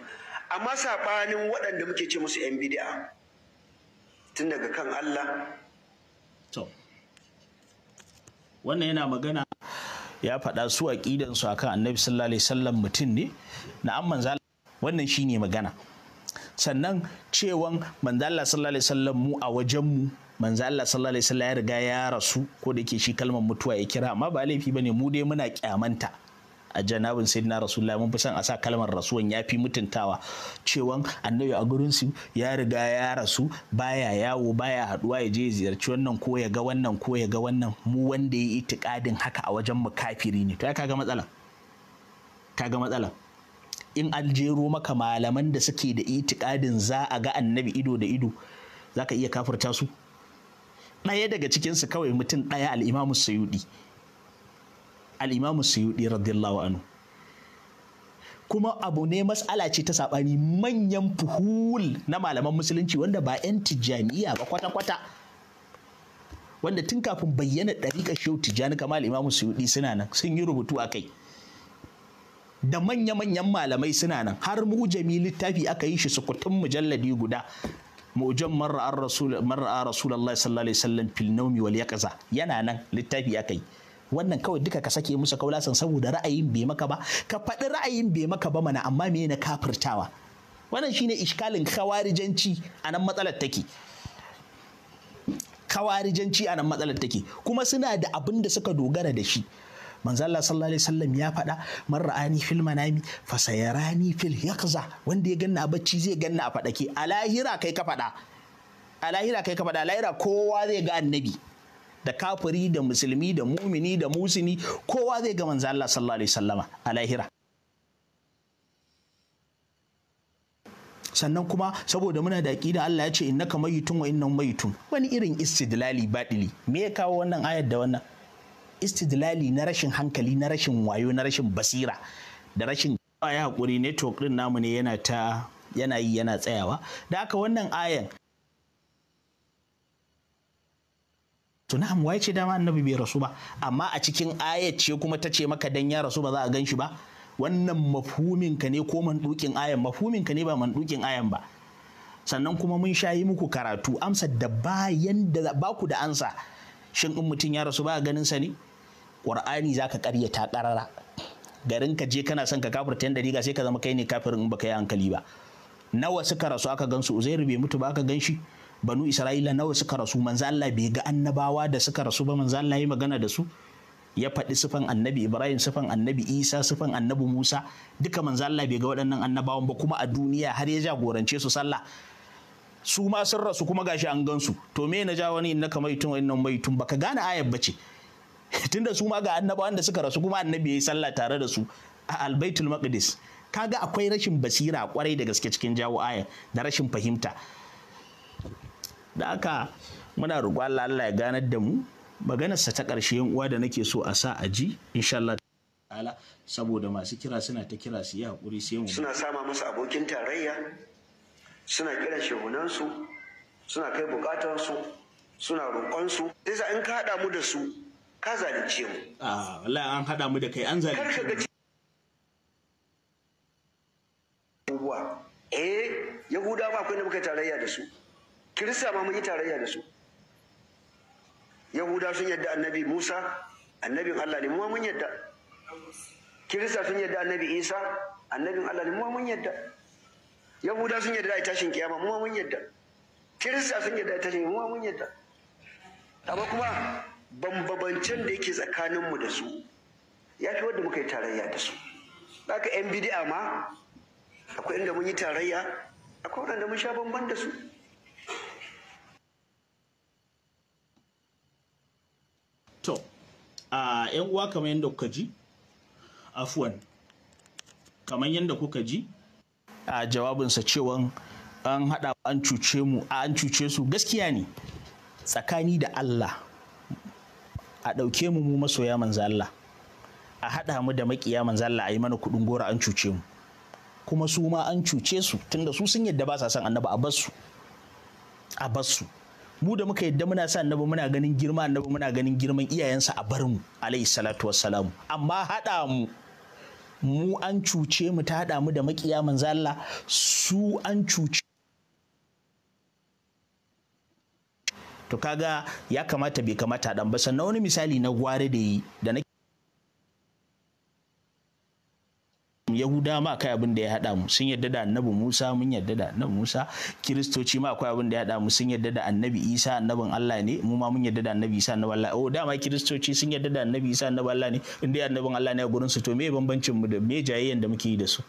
amma sabanin waɗanda muke ce musu yan bid'a tun daga kan Allah to wannan yana magana ya faɗa su a ƙidan su akan annabi sallallahu alaihi wasallam mutum ne na manzal wannan shine magana sannan cewan manzal Allah sallallahu alaihi wasallam mu a wajen mu manzal Allah sallallahu alaihi wasallam ya riga ya rasu ko da yake shi kalmar mutuwa ya kira amma ba laifi bane mu dai muna kyamanta a janabin sayyidina rasulullah mun fi son a sa kalmar rasuwan ya fi mutuntawa cewan annabi a gurin su ya riga ya rasu baya yawo baya haduwa ya je ziyarci wannan ko ya ga wannan ko ya ga wannan mu wanda ya yi itikadin haka a wajen mu kafiri ne to ya kaga matsala kaga matsala in aljero maka malaman da suke da itikadin za a ga annabi ido da ido ka iya kafirta su ɗaya daga cikinsu kawai mutum ɗaya al'imamu sayudi al'imamu su yi anhu kuma abu ne mas'ala ce ta saɓani manyan fuhul na malaman musulunci wanda ba 'yan tijjaniya ba kwata-kwata wanda tun kafin bayyana ɗariƙar shehu tijjani kamar su yi suna nan sun yi rubutu a kai da manya-manyan malamai suna nan har mu mujami littafi aka yi shi sukutun mujalladi guda mujan mara'ar rasulallah sallallahu alaihi wasallam fil naumi wal yaqza yana nan littafi aka yi wannan kawai duka ka sake musu kaulasan saboda ra'ayin bai maka ba ka faɗi ra'ayin bai maka ba mana amma me na kafirtawa wannan shine iskalin kawarijanci a nan matsalar take kawarijanci a nan matsalar take kuma suna da abin da suka dogara da shi manzo Allah sallallahu alaihi wasallam ya faɗa man ra'ani fil manami fa sayarani fil yaqza wanda ya ganna a bacci zai ganna a faɗake a lahira kai ka faɗa a lahira kai ka faɗa a lahira kowa zai ga annabi da kafiri da musulmi da mumini da musini kowa zai ga manzo Allah sallallahu alaihi wasallama a lahira sannan kuma saboda muna da aqida Allah ya ce innaka mayitun wa innahum mayitun wani irin istidlali badili me ya kawo wannan ayar da wannan istidlali na rashin hankali na rashin wayo na rashin basira da rashin ya hakuri network din namu ne yana ta yana yi yana tsayawa da haka wannan ayan to na'am wai ce dama annabi bai rasu ba amma a cikin ayat ce kuma ta ce maka dan ya rasu ba za a gan shi ba wannan mafhumin ka ne ko mandukin ayan mafhumin ka ne ba mandukin ayan ba sannan kuma mun sha yi muku karatu amsa da bayan da ba ku da ansa shin in mutum ya rasu ba a ganin sa ne qur'ani zaka karyata karara garin ka je kana son ka kafirta yanda riga sai ka zama kai ne kafirin in baka yi hankali ba nawa suka rasu aka gan su uzairu bai mutu ba aka gan shi banu isra'ila nawa suka rasu manzo Allah bai ga annabawa da suka rasu ba manzo Allah ya magana da su ya faɗi sifan annabi ibrahim sifan annabi isa sifan annabi musa duka manzo Allah bai ga waɗannan annabawan ba kuma a duniya har ya jagorance su sallah su ma sun rasu kuma gashi an gansu to me na ja wani innaka maitun wannan maitun baka gane ayab ce. tunda su ma ga annabawan da suka rasu kuma annabi yayi sallah tare da su a albaitul maqdis kaga akwai rashin basira kwarai da gaske cikin jawo aya da rashin fahimta da aka muna roƙo Allah Allah ya ganar da mu maganarsa ta ƙarshe uwa da nake so a sa a ji insha Allah ta'ala saboda masu kira suna ta kira su yi hakuri, sai mu suna sama musu abokin tarayya suna kiran su suna kai su suna su. sai sa in ka haɗa mu da su ka zalunce mu a wallahi an haɗa mu da kai an zalunce mu eh ba akwai da muka tarayya da su kirista ma mun yi tarayya da su yahuda sun yadda annabi musa annabin allah ne mu mun yadda kirista sun yadda annabi isa annabin allah ne mu mun yadda yahuda sun yadda ai tashin kiyama mu mun yadda kirista sun yadda ai tashin mu mun yadda amma kuma bambabancen da yake tsakaninmu da su ya fi wanda muka yi tarayya da su haka yan bidi'a ma akwai inda mun yi tarayya akwai wanda mun sha bamban da su a yan uwa kamar yadda kuka ji afuwan kamar yadda kuka ji a jawabinsa cewan an haɗa an cuce mu an cuce su gaskiya ne tsakani da Allah a ɗauke mu mu masoya manzo Allah a haɗa mu da makiya manzo Allah a yi mana kuɗin gora an cuce mu kuma su ma an cuce su tunda su sun yadda ba sa son annabi a bar a bar su mu da muka yadda muna sa annabi muna ganin girma annabi muna ganin girman iyayensa a bar mu alayhi salatu wassalam amma haɗa mu mu an cuce mu ta haɗa mu da makiya manzo Allah su an cuce to kaga ya kamata bai kamata dan ba sannan wani misali na gware da yi da na yahuda ma akwai abin da ya haɗa mu sun yadda da annabi musa mun yadda da annabi musa kiristoci ma akwai abin da ya haɗa mu sun yadda da annabi isa annabin allah ne mu ma mun yadda da annabi isa annabin allah oh dama kiristoci sun yadda da annabi isa annabin allah ne inda ya annabin allah ne a gurin su to me bambancin mu da me jayayyen da muke yi da su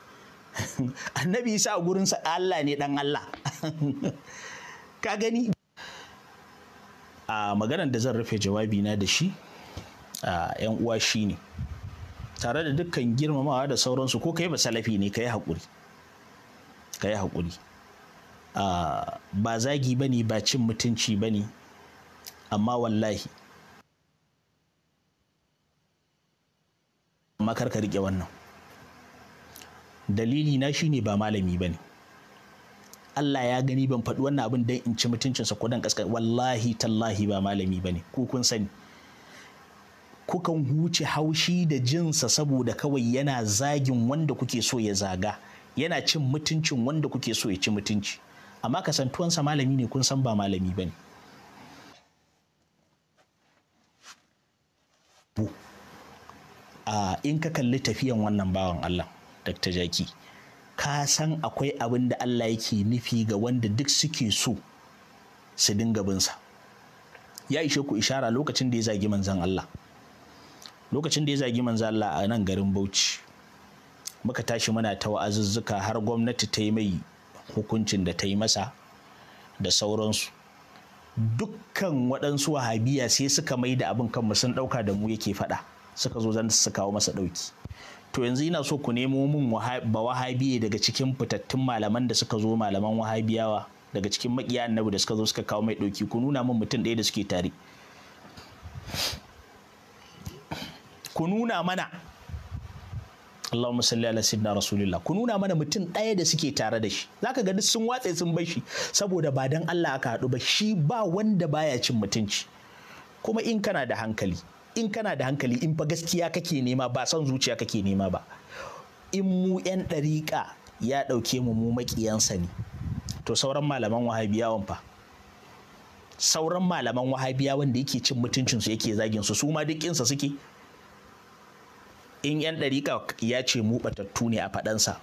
annabi isa a gurin sa allah ne dan allah ka gani a ah, maganar da zan rufe jawabi na da shi a ah, yan uwa shine ne tare da dukkan girmamawa da sauransu ko kai ba salafi ne ka yi haƙuri ka yi haƙuri ah, ba zagi ba ne ba cin mutunci ba ne amma wallahi amma kar ka riƙe wannan dalili na ne ba malami ba ne Allah ya gani ban faɗi wannan abin don in ci mutuncinsa ko don ƙasƙa wallahi tallahi ba malami ba ne ku kun sani kukan huce haushi da jinsa saboda kawai yana zagin wanda kuke so ya zaga yana cin mutuncin wanda kuke so ya ci mutunci amma kasantuwansa malami ne kun san ba malami ba ne in ka kalli tafiyan wannan bawan Allah Dr. Jaki ka san akwai abin da Allah yake nufi ga wanda duk suke so su dinga binsa ya ishe ku ishara lokacin da ya zagi manzon Allah lokacin da ya zagi manzo Allah a nan garin Bauchi muka tashi muna ta wa'azuzzuka har gwamnati ta yi mai hukuncin da ta yi masa da sauransu dukkan waɗansu wahabiya sai suka mai da abin kanmu sun ɗauka da mu yake faɗa suka zo zan su kawo masa ɗauki to yanzu ina so ku nemo min ba wahabiye daga cikin fitattun malaman da suka zo malaman wahabiyawa daga cikin maƙiya annabi da suka zo suka kawo mai ɗauki ku nuna min mutum ɗaya da suke tare ku nuna mana Allahumma salli ala sayyidina rasulillah ku nuna mana mutum ɗaya da suke tare da shi zaka ga duk sun watse sun bar shi saboda ba dan Allah aka haɗu ba shi ba wanda baya cin mutunci kuma in kana da hankali in kana da hankali in fa gaskiya kake nema ba san zuciya kake nema ba in mu yan ɗariƙa ya ɗauke mu mu maƙiyansa ne to sauran malaman wahabiyawan fa sauran malaman wahabiyawan da yake cin mutuncinsu yake zagin su su ma duk suke in yan ɗariƙa ya ce mu batattu ne a faɗansa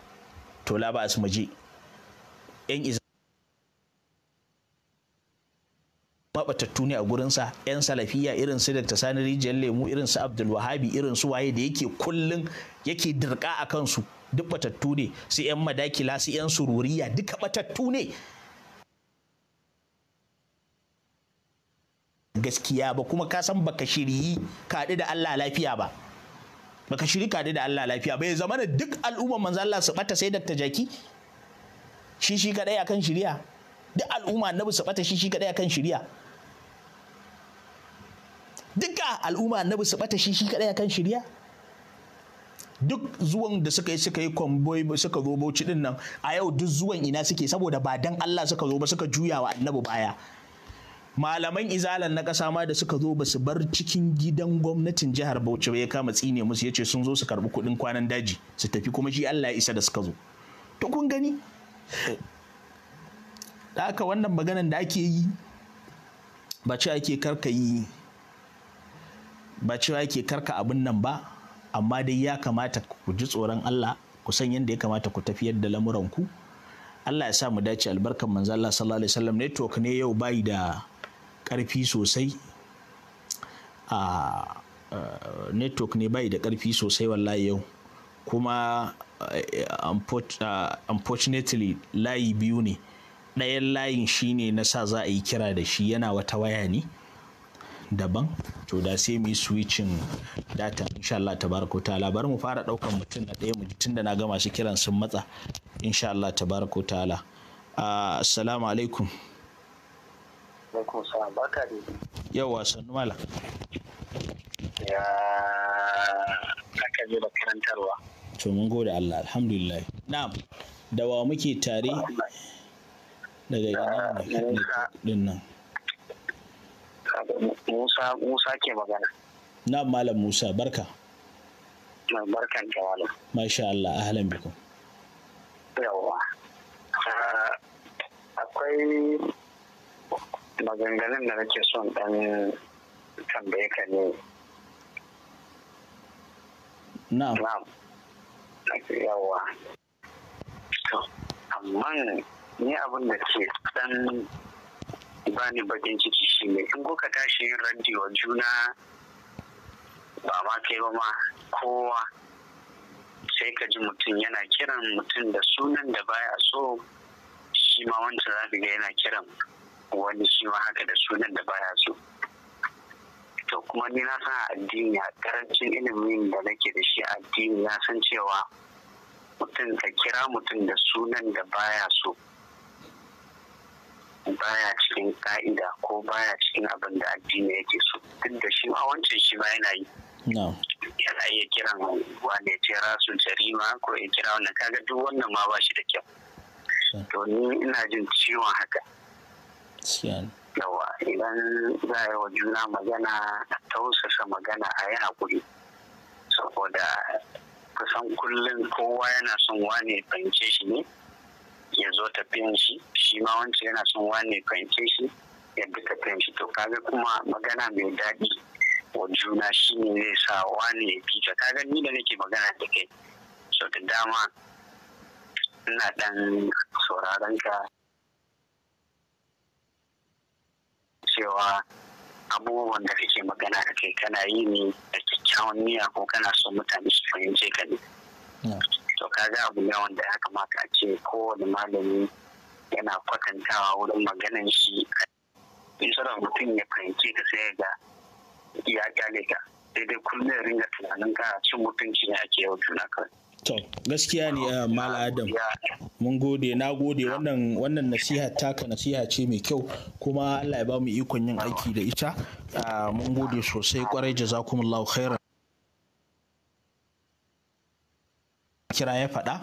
to laba su maje yan mabatattu ne a gurinsa yan salafiya irin su Dr. Sani Rijiyar Lemu irin su Abdul irin su waye da yake kullun yake dirka a kansu duk batattu ne su yan madakila su yan sururiya duka batattu ne gaskiya ba kuma ka san baka shiriyi ka da Allah lafiya ba baka shirika da Allah lafiya bai zama da duk al'umman manzo Allah su bata sai Dr. jaki shi shi kadai akan shiriya duk al'umma annabi su bata shi shi kadai akan shiriya duka al'umma annabi su bata shi shi kadai akan shiriya duk zuwan da suka yi suka yi komboi suka zo bauchi din nan a yau duk zuwan ina suke saboda ba dan Allah suka zo ba suka juya wa annabi baya malaman izalan na kasa ma da suka zo ba su bar cikin gidan gwamnatin jihar Bauchi ba ya kama tsine musu ya ce sun zo su karbi kuɗin kwanan daji su tafi kuma shi Allah ya isa da suka zo to kun gani da haka wannan maganan da ake yi ba ce ake karka yi ba cewa ake karka abin nan ba amma dai ya kamata ku ji tsoron Allah ku san yadda ya kamata ku tafiyar da ku. Allah ya sa mu dace albarkan manzo Allah sallallahu alaihi wasallam network ne yau bai da ƙarfi sosai a ah, ah, network ne bai da ƙarfi sosai wallahi yau kuma eh, ah, unfortunately layi biyu ne ɗayan layin shine na sa za a yi kira da shi yana wata waya ne daban to da sai mu yi switching data insha Allah tabaraka ta'ala bari mu fara ɗaukan mutum na ɗaya mu tunda na gama shi kiran sun matsa insha Allah tabaraka ta'ala assalamu alaikum alaikum salam barka da yawa sannu mala ya aka je da karantarwa to mun gode Allah alhamdulillah na'am da wa muke tare daga ina ne din nan Musa Musa ke magana na malam Musa barka barkan ka malam masha Allah ahlan bikum yawa ah, akwai maganganun da nake son dan tambaye ka ne na'am yawa amma ni abin da ke dan bani bakin ciki shi ne in ka tashi yin randi wa juna ba ma kai ba ma kowa sai ka ji mutum yana kiran mutum da sunan da baya so shi ma wancan za ga yana kiran wani shi haka da sunan da baya so to kuma ni na san addini a karancin ilimin da nake da shi addini na san cewa mutum ka kira mutum da sunan da baya so baya cikin ka'ida ko baya cikin abin da addini yake so duk da shi ma wancan shi ma yana yi yana iya kiran wanda ya kira jarima ko ya kira wannan kaga duk wannan ma ba shi da kyau to ni ina jin ciwon haka yawa idan za a yi wa juna magana a tausasa magana a yi haƙuri saboda kusan kullum kowa yana son wane fahimce shi ne ya zo tafiyan shi shi ma wancan yana son wane fahimce shi ya bi tafiyan shi to kaga kuma magana mai daɗi wa juna shi ne zai sa wane ya fi ka kaga ni da nake magana da kai so da dama ina ɗan sauraron ka cewa abubuwan da kake magana da kai kana yi ne da kyakkyawan niyya ko kana son mutane su fahimce ka ne to kaga abu ne wanda ya kamata a ce kowane malami yana kwatantawa wurin maganan shi instead mutum ya fahimce ka sai ga ya kyale ka daidai kullum ya ringa tunanin ka cin mutunci ne ake yau juna kawai To gaskiya ne a eh, Mala Adam. Mun gode, na gode wannan nasiha taka nasiha ce mai kyau kuma Allah ya ba mu ikon yin aiki da ita. Ah, mun gode sosai kwarai jazakumullahu khairan. Kira ya faɗa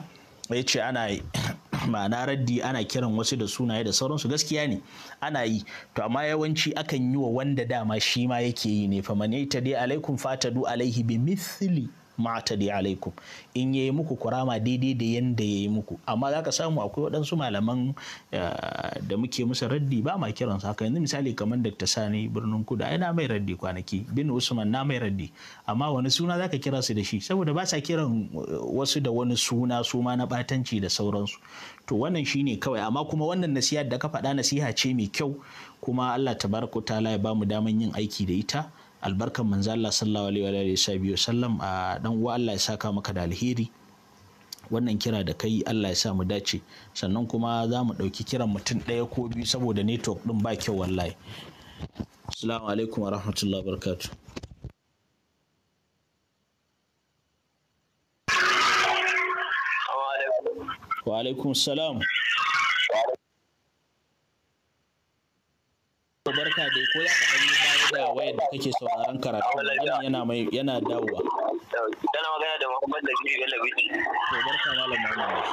ya ce ana yi, ma'ana raddi ana kiran wasu da sunaye da sauransu gaskiya ne ana yi to amma yawanci akan yi wa wanda dama shi ma yake yi ne fa ta dai alaikum fatadu alaihi bi mithli ma'atadi alaikum in yayi muku kurama daidai da yanda yayi muku amma zaka samu akwai waɗansu malaman eh, da muke musu raddi ba ma kiran su haka yanzu misali kamar Dr. Sani Birnin Kudu ai na mai raddi kwanaki bin Usman na mai raddi amma wani suna zaka kira su da shi saboda ba sa kiran eh, wasu da wani suna su ma na batanci da sauransu to wannan shine kawai amma kuma wannan nasiha da ka faɗa nasiha ce mai kyau kuma Allah tabaraka ta'ala ya bamu daman yin aiki da ita albarkan manzo Allah sallallahu alaihi wa sallam a dan uwa Allah ya saka maka da alheri wannan kira da kai Allah ya sa mu dace sannan kuma za mu ɗauki kiran mutum ɗaya ko biyu saboda network ɗin ba kyau wallahi assalamu alaikum wa rahmatullahi wa barakatuh wa alaikum salam barka dai ko ya ka ɗan baya da wayar da kake sauraron karatu wannan yana mai yana dawowa kana magana da Muhammad da Giri Galabici to barka malam Muhammad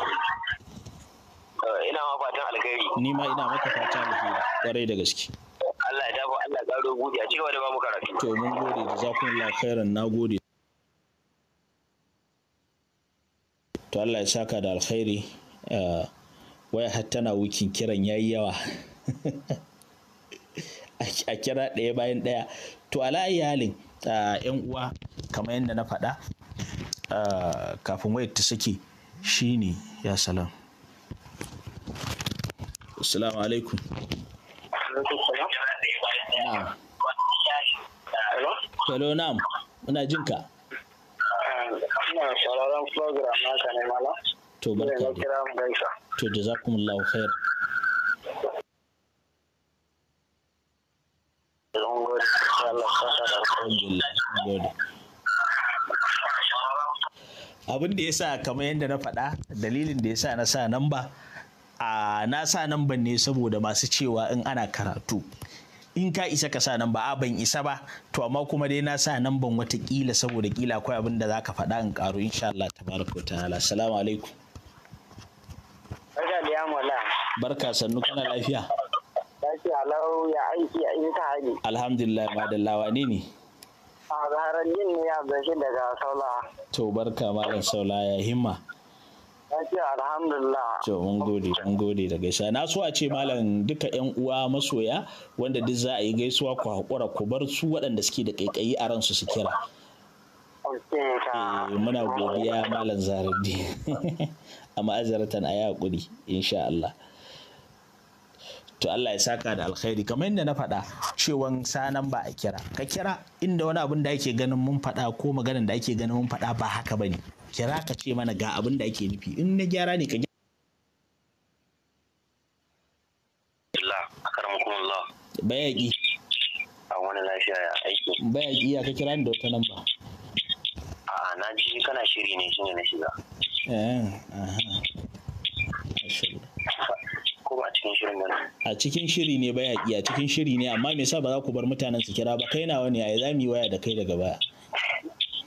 eh, ina ma fatan alkhairi ni ma ina maka fatan alkhairi kwarai da gaske Allah ya dafa Allah ya karo gudi a cigaba da bamu karatu to mun gode jazakumullahu khairan nagode to Allah ya saka da alkhairi eh, waya hatta tana wukin kiran yayi yawa a kira ɗaya bayan ɗaya to ala iyalin. yan uwa kamar yadda na faɗa kafin wayar ta sake shine ya salam assalamu alaikum Hello, na'am. Muna jin ka. Ina sauraron program naka ne mana. To barka. To jazakumullahu khair. abin da ya sa kamar yadda na faɗa dalilin da ya sa na sa namba a na sa namban ne saboda masu cewa in ana karatu in ka isa ka sa namba a ban isa ba to amma kuma dai na sa namban watakila saboda kila akwai abin da ka faɗa in karu, insha Allah tabaraka wa ta'ala assalamu alaikum barka sannu kana lafiya lafiya lau ya aiki a in ta Alhamdulillah, ma da wane ne? A zaharar yin ne ya gashi daga saula. To barka malam saula ya himma. Lafiya alhamdulillah. To mun gode mun gode da gaisa. Na so a ce malam duka yan uwa masoya wanda duk za a yi gaisuwa ku haƙura ku bar su waɗanda suke da ƙaiƙayi a ransu su kira. Eh, muna godiya malam zahararri. A ma'azaratan a yi haƙuri insha Allah. to Allah ya saka da alkhairi kamar yadda na faɗa cewan sanan ba a kira ka kira inda wani abin da ake ganin mun faɗa ko maganar da ake ganin mun faɗa ba haka bane kira ka ce mana ga abin da ake nufi in na gyara ne ka gyara bayaki a wani lafiya ya aiki bayaki ya ka kira ni da wata ba a'a na ji kana shiri ne shine na shiga eh aha ko ba a cikin shirin ba a cikin shiri ne baya a cikin shiri ne amma me yasa ba za ku bar mutanen su kira ba kai nawa ne ai za mu yi waya da kai daga baya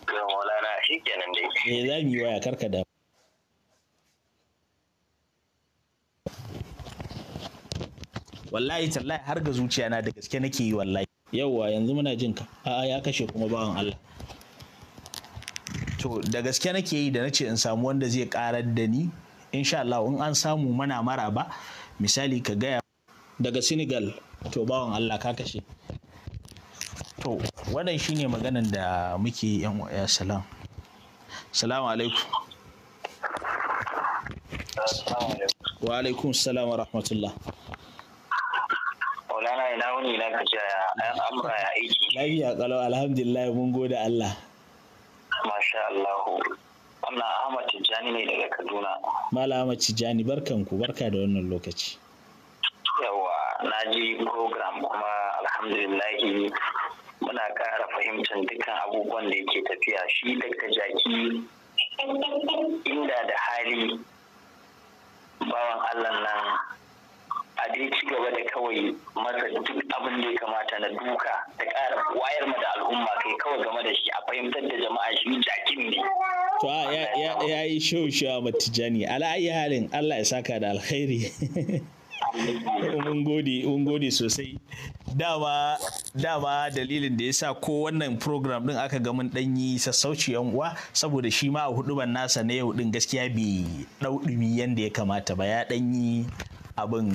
ga maulana shikenan dai eh za mu yi waya karka da wallahi tallahi har ga zuciya na da gaske nake yi wallahi yauwa yanzu muna jin ka a'a ya kashe kuma bawan Allah to da gaske nake yi da nace in samu wanda zai karar da ni insha Allah in an samu mana maraba misali ka gaya daga senegal to bawan allah ka kashe to wannan shine maganan da muke yan salam salamu alaikum wa alaikum salam wa rahmatullah Maulana ina wuni na gajiya ya amra ya aiki. Lafiya kalau alhamdulillah mun gode Allah. Masha allahu. amna Ahmad Tijjani ne daga Kaduna. Malam Ahmad Tijjani barkan ku barka da wannan lokaci. Yawa na ji program kuma alhamdulillah muna ƙara fahimtar dukkan abubuwan da yake tafiya shi daga Jaki inda da hali bawan Allah nan a dai ci gaba da kawai masa duk abin da ya kamata na duka da ƙara wayar da al'umma kai kawai game da shi a fahimtar da jama'a shi jakin ne. To ya yi shau shau a Tijjani ala ayi halin Allah ya saka da alkhairi. Mun gode, sosai. Dama, dama dalilin da ya sa ko wannan program din aka ga mun ɗanyi sassauci yan uwa saboda shi ma a huduban nasa na yau din gaskiya bai ɗauɗumi yanda ya kamata ba ya ɗanyi abin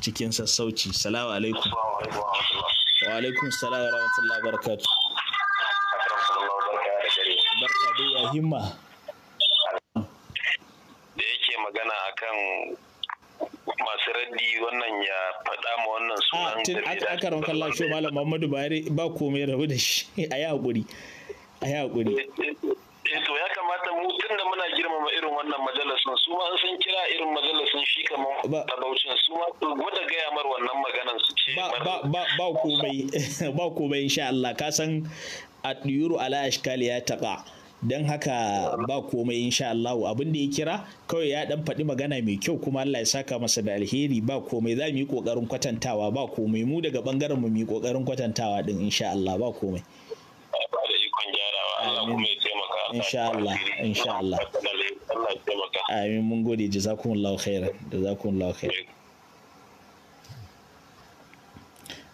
cikin sassauci salamu alaikum wa alaikum salamu rahmatullah barakatu barka dai ya himma da yake magana akan masu raddi wannan ya faɗa ma wannan ah, sunan da tun aka rankan lafiya malam muhammadu buhari ba komai rabu da shi a yi haƙuri a yi haƙuri eh, eh, Eh, to ya kamata mu tun da muna girmama irin wannan majalisun su ma sun kira irin majalisun shi kamar talaucin su ma su gwada gaya mar wannan maganan su ce ba komai ba komai insha Allah ka san a duyuru ala ashkali ya taqa don haka ba komai insha Allah abin da ya kira kawai ya dan faɗi magana mai kyau kuma Allah ya saka masa da alheri ba komai za mu yi kokarin kwatantawa ba komai mu daga bangaren mu mu yi kokarin kwatantawa din insha Allah ba komai Allah kuma ya insha Allah insha Allah amin mun gode jazakumullahu khairan jazakumullahu khairan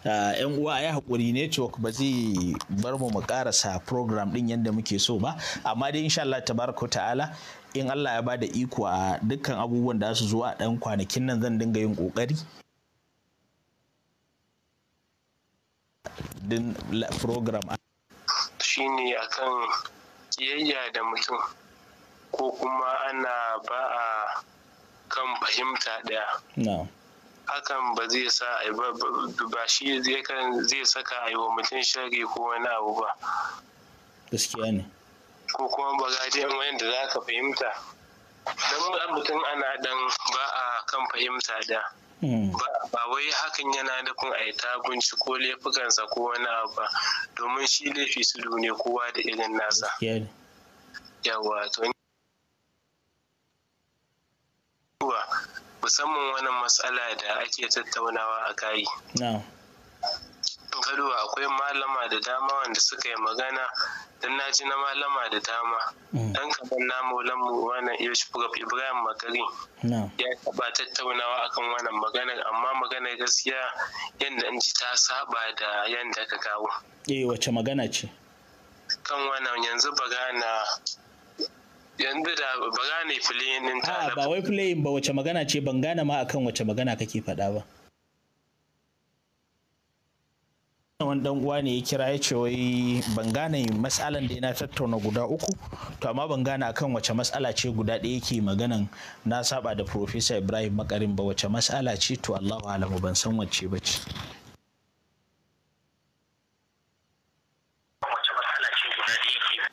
ah, yan uwa ya haƙuri network ba zai bar mu mu ƙarasa program ɗin yadda muke so ba amma dai insha Allah tabaraka ta'ala in Allah ya bada iko a dukkan abubuwan da su zo a ɗan kwanakin nan zan dinga yin ƙoƙari din program shine akan kiyayya da mutum ko kuma ana ba a kan fahimta ɗaya hakan ba zai sa ba shi zai saka a yi wa mutum shari ko wani abu ba gaskiya ne ko kuma ba wani da za ka fahimta don mutum ana dan ba a kan fahimta ɗaya. Hmm. ba wai hakan yana nufin a yi ta binciko laifukansa ko wani abu ba domin shi laifi su ne kowa da irin nasa yawa to musamman wannan matsala da ake tattaunawa a kayi. faduwa akwai malama da dama wanda suka yi magana don na ji na malama da dama mm. dan kaman na maulan mu wannan ibrahim makarin ya taba tattaunawa akan wannan magana, amma maganar gaskiya yadda in ji ta saba da yadda ka kawo eh wace magana ce kan wannan yanzu bagana yanzu da ba gane filayin ta ba wai filayin ba wace magana ce ban gane ma akan wace magana kake faɗa ba wani dan uwa ne ya kira ya ce wai ban gane matsalan da yana tattauna guda uku to amma ban gane akan wace matsala ce guda ɗaya yake maganan na saba da Profesa Ibrahim Makarin ba wace matsala ce to Allahu alamu ban san wacce ba ce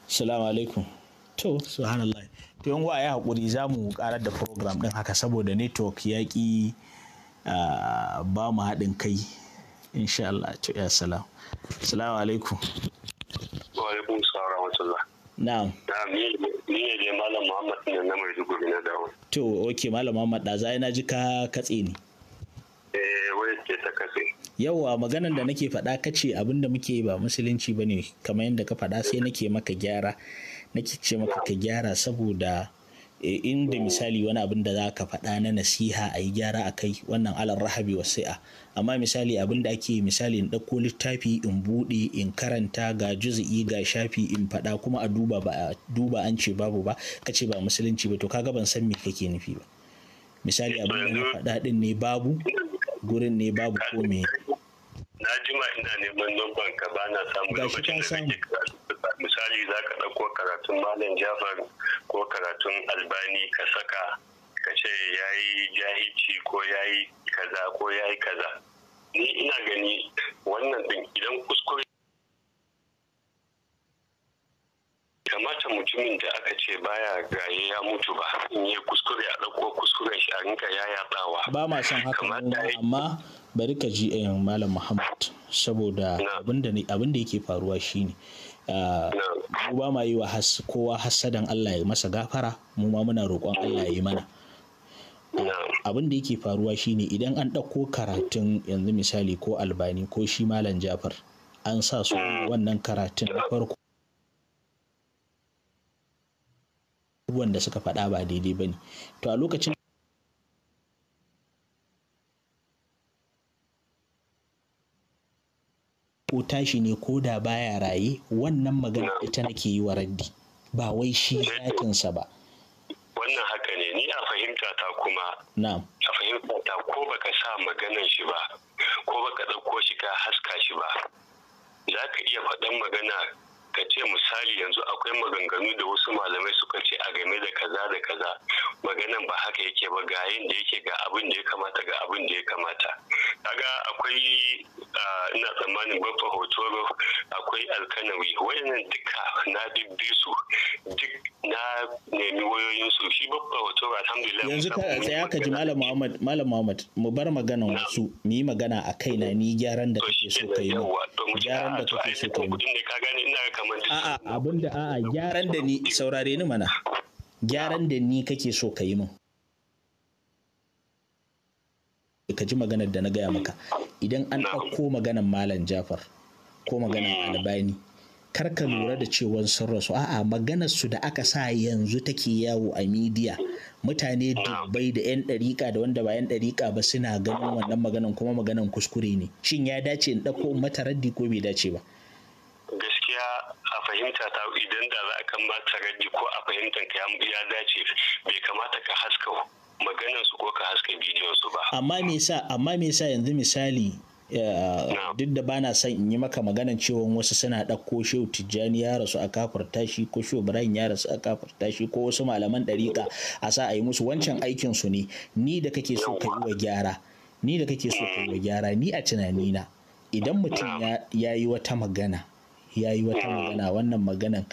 salamu alaikum to subhanallah to yan uwa ya hakuri mu karar da program ɗin haka saboda network yaƙi ah, ba mu haɗin kai insha Allah to ya salam assalamu alaikum wa alaikum salam rahmatullah na'am na'am ni ne dai malam Muhammad ne na Maiduguri na dawo to okay malam Muhammad da zai na ji ka katse ni eh wai ce ta katse yawa maganan da nake faɗa kace abin da muke ba musulunci bane kamar yadda ka faɗa sai nake maka gyara nake ce maka ka gyara saboda Eh, in da oh. misali wani abin da za ka faɗa na nasiha a yi gyara a kai wannan alar rahabi wasi'a amma misali abin da ake misali in ɗauko littafi in buɗe in karanta ga juzu'i ga shafi in faɗa kuma a duba ba duba an ce babu ba ka ce ba musulunci ba to ka ban san me kake nufi ba misali abin da na faɗa ɗin ne babu gurin ne babu ko me na jima ina neman numban ka ba na samu lokacin da kake misali za ka ɗauko karatun malam jafar ko karatun albani ka saka ka ce ya yi jahici ko ya yi kaza ko ya yi kaza ni ina gani wannan ɗin idan kuskure kamata mutumin da aka ce baya gaye ya mutu ba in yi kuskure a ɗauko kuskuren shi a rinka ya yaɗawa ba ma son haka amma bari ka ji eh, malam muhammad saboda abin da yake faruwa shine mu ba ma yi wa kowa hassadan Allah ya masa gafara mu ma muna roƙon Allah ya yi mana abin da yake faruwa shine idan an ɗauko karatun yanzu misali ko albani ko shi malam jafar an sa su wannan karatun na farko abubuwan da suka faɗa ba daidai ba ne to a lokacin ko tashi ne ko da baya raye wannan magana ita nake yi wa raddi ba wai shi yakinsa eh ba wannan haka ne ni a fahimta ta kuma a fahimta ta ko baka sa maganan shi ba ko baka ɗauko shi ka haska shi ba za ka iya faɗan magana suka ce misali yanzu akwai maganganu da wasu malamai suka ce a game da kaza da kaza maganan ba haka yake ba ga yin da yake ga abin da ya kamata ga abin da ya kamata kaga akwai ina tsammanin babba hotoro akwai alkanawi wayannan duka na bibbi su duk na nemi wayoyin su shi babba hotoro alhamdulillah yanzu ka tsaya ka ji malam Muhammad malam Muhammad mu bar magana wasu mu yi magana a kaina ni gyaran da kake so kai gyaran da kake so kai ne ka gane ina a'a abin da a'a gyaran da ni saurare ni mana gyaran da ni kake so ka yi min ka ji maganar da na gaya maka idan an ɗauko maganar malam jafar ko maganar mm. albani kar ka lura da cewan sun rasu a'a maganar su da aka sa yanzu take yawo a midiya mutane dubbai da yan ɗariƙa da wanda ba yan ɗariƙa ba suna ganin wannan maganar, kuma maganar kuskure ne shin ya dace in ɗauko mata raddi ko bai dace ba fahimta ta idan da za a kan ta ko a fahimtar ka ya dace bai kamata ka haska maganar su ko ka haska bidiyon su ba amma me yasa amma me yasa yanzu misali duk da bana son in yi maka maganan cewa wasu suna ɗauko shehu tijjani ya rasu a kafar tashi ko shehu ibrahim ya rasu a kafar tashi ko wasu malaman ɗariƙa a sa a yi musu wancan aikin su ne ni da kake so ka yi wa gyara ni da kake so ka yi wa gyara ni a tunanina idan mutum ya yi wata magana ya yi wata magana wannan maganan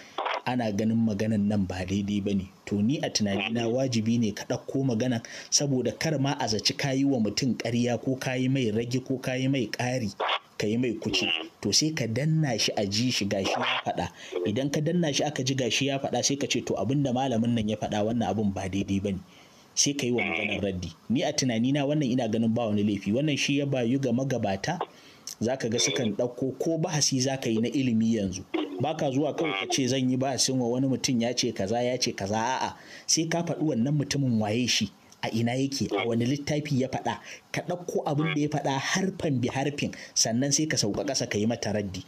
ana ganin maganan nan ba daidai ba ne to ni a tunanina wajibi ne ka ɗauko maganan saboda kar ma a zaci ka yi wa mutum ƙarya ko ka yi mai rage ko ka yi mai ƙari ka yi mai kuce to sai ka danna shi a ji shi gashi ya faɗa idan ka danna shi aka ji gashi ya faɗa sai ka ce to abinda malamin nan ya faɗa wannan abun ba daidai ba ne sai ka yi wa maganan raddi ni a tunanina wannan ina ganin ba wani laifi wannan shi ya bayu ga magabata zaka ga sukan ɗauko ko bahasi zaka yi na ilimi yanzu baka zuwa kawai ka ce zan yi bahasin wa wani mutum ya ce kaza ya ce kaza a'a sai ka faɗi wannan mutumin waye shi a ina yake a wani littafi ya faɗa ka ɗauko abin da ya faɗa harfan bi harfin sannan sai ka sauka ƙasa ka yi mata raddi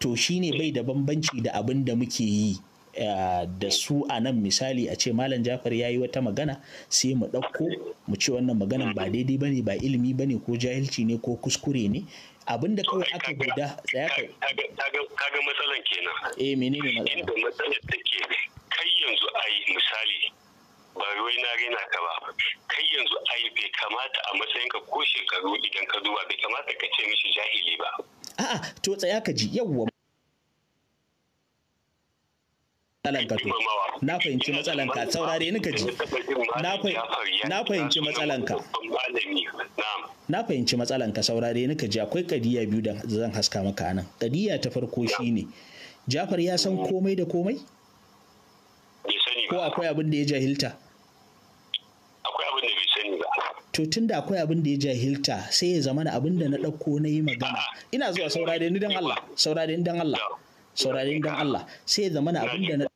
to shine bai da bambanci da abin da muke yi eh, da su a nan misali a ce malam jafar ya yi wata magana sai mu ɗauko mu ce wannan maganan ba daidai ba ne ba ilimi ba ne ko jahilci ne ko kuskure ne abin da kawai aka guda tsaya kai kaga matsalan kenan eh menene matsalan inda matsalar take kai yanzu ai misali ba ruwai na rena ka ba kai yanzu ai bai kamata a matsayin ka ko shekaru idan ka duba bai kamata ka ce mishi jahili ba a'a to tsaya ka ji yawwa matsalanka to na fahimci matsalanka saurare ni ka ji na fahimci matsalanka na fahimci matsalanka saurare ni ka ji akwai kadiya biyu da zan haska maka anan kadiya ta farko shine Jafar ya san komai da komai ko akwai abin da ya jahilta akwai abin da bai sani ba to tunda akwai abin da ya jahilta sai ya zama abin da na dauko na yi magana ina zuwa saurare ni dan Allah saurare ni dan Allah saurare ni dan Allah sai ya zama abin da na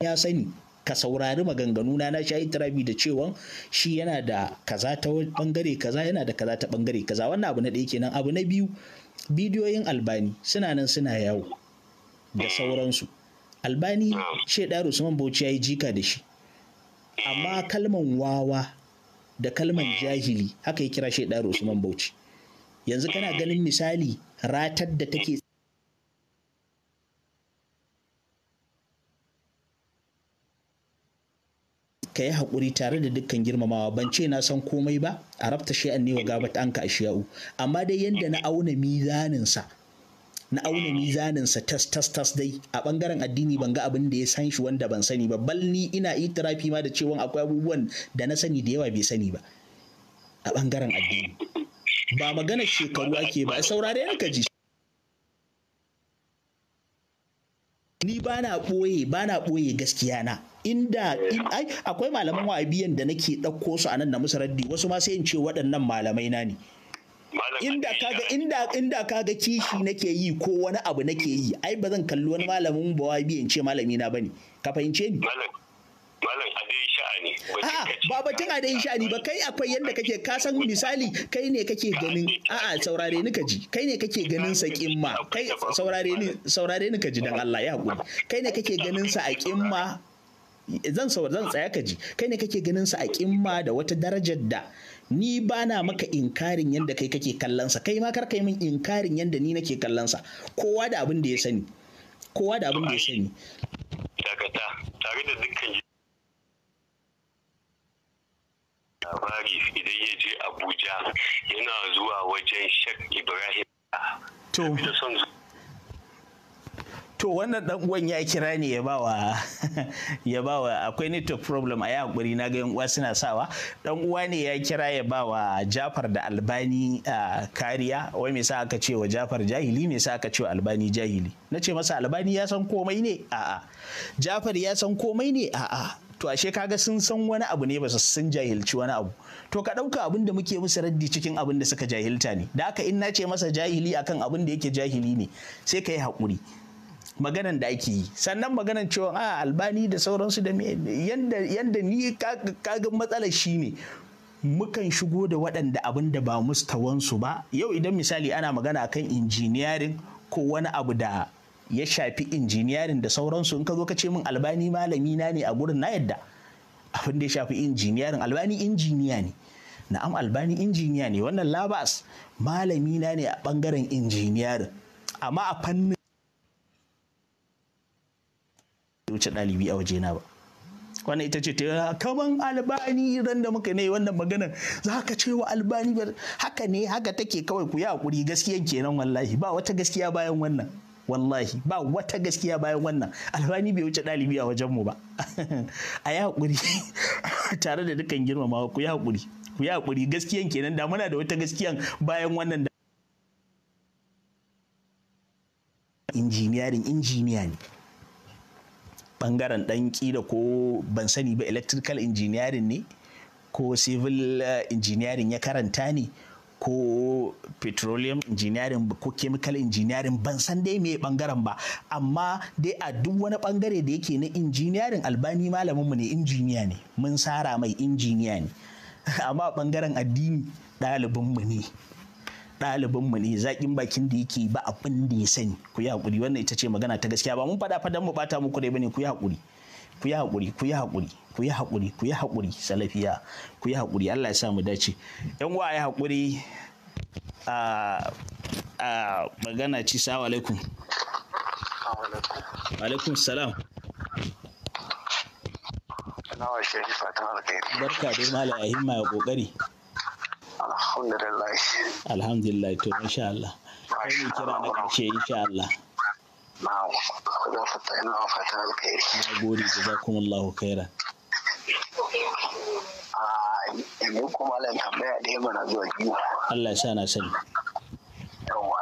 ya sani ka saurari maganganu na na shayi tarabi da cewa shi yana da kaza ta bangare kaza yana da kaza ta bangare kaza wannan abu na ɗaya kenan abu na biyu bidiyoyin albani suna nan suna yawo da sauransu albani da usman bauchi ya yi jika da shi amma kalman wawa da kalman jahili haka ya kira shi da usman bauchi yanzu kana ganin misali ratar da take ka yi haƙuri tare da dukkan girmamawa ban ce na san komai ba a rabta shi ne wa gabat an ka ashiya'u amma dai yadda na auna mizaninsa na auna mizaninsa tas tas tas dai a bangaren addini ban ga abin da ya san shi wanda ban sani ba bal ni ina itirafi ma da cewa akwai abubuwan da na sani da yawa bai sani ba a bangaren addini ba magana shekaru ake ba saurare yanka ji ni ba na ɓoye ba ɓoye gaskiya na inda ai akwai malaman wa'abiyan da nake ɗauko su a nan na musaraddi wasu ma sai in ce waɗannan malamai na ne inda kaga inda inda kaga kishi nake yi ko wani abu nake yi ai ba zan kalli wani malamin bawabi in ce malami na bane ka fahimce ni malam adai sha'ani a'a ba batun sha'ani ba kai akwai yadda kake ka san misali kai ne kake ganin a'a saurare ni ka ji kai ne kake ganin sa kimma kai saurare ni saurare ni ka ji dan Allah ya hakuri kai ne kake ganin sa a kimma zan saurari zan tsaya ka ji kai ne kake ganin sa a kimma da wata darajar da ni ba na maka inkarin yadda kai kake kallon sa kai ma kar kai min inkarin yadda ni nake kallon sa kowa da abin da ya sani kowa da abin da ya sani dakata tare da dukkan ji labari idan ya je abuja yana zuwa wajen shek ibrahim to da son zuwa to wannan dan uwan ya kira ne ya bawa ya bawa akwai network problem a yi hakuri na ga uwa suna sawa dan uwa ne ya kira ya bawa Jafar da Albani kariya wai me sa aka ce wa Jafar jahili me sa aka ce wa Albani jahili na ce masa Albani ya san komai ne a'a Jafar ya san komai ne a'a to ashe kaga sun san wani abu ne ba su sun jahilci wani abu to ka ɗauka abin da muke musu raddi cikin abin da suka jahilta ne da haka in na ce masa jahili akan abin da yake jahili ne sai ka yi haƙuri maganan da ake yi sannan maganan cewa a albani da sauransu da yanda ni kagin matsala shi ne mukan shigo da waɗanda abin da ba mustawansu ba yau idan misali ana magana kan injiniyarin ko wani abu da ya shafi injiniyarin da sauransu in ka zo ka ce min albani malami na ne a gurin na yadda abin da ya shafi injiniyarin albani injiniya ne na'am albani injiniya ne wannan labas malami na ne a bangaren injiniyarin amma a fannin wuce ɗalibi a wajena ba wannan ita ce ta kaman albani ran da muka ne wannan magana. za ka ce wa albani ba haka ne haka take kawai ku yi hakuri gaskiyan kenan wallahi ba wata gaskiya bayan wannan wallahi ba wata gaskiya bayan wannan albani bai wuce ɗalibi a wajen mu ba a yi hakuri tare da dukkan girmamawa ku yi hakuri ku yi hakuri gaskiyan kenan da muna da wata gaskiyan bayan wannan injiniyarin injiniya ne bangaren ɗan da ko ban sani ba electrical engineering ne ko civil eh, engineering ya karanta ne ko petroleum engineering ko chemical engineering ban san dai me bangaren ba amma dai a duk wani bangare da yake na engineering albani malaminmu ne injiniya ne mun sara mai injiniya ne amma bangaren addini ɗalibinmu ne ɗalibinmu ne zaƙin bakin da yake ba abin da ya sani ku yi haƙuri wannan ita ce magana ta gaskiya ba mun faɗa fadan mu ɓata muku dai bane ku yi haƙuri ku yi haƙuri ku yi haƙuri ku yi haƙuri ku yi haƙuri salafiya ku yi haƙuri Allah ya sa mu dace yan uwa ya haƙuri a a magana ci salamu alaikum alaikum salam barka dai malam himma ya kokari alhamdulillah alhamdulillah to masha Allah kai ne kira na karshe insha Allah na'am za fata ina fata alkhairi na gode jazakumullahu khairan yanzu kuma lan tambaya da yamma na zuwa biyu Allah ya sa na sani yawa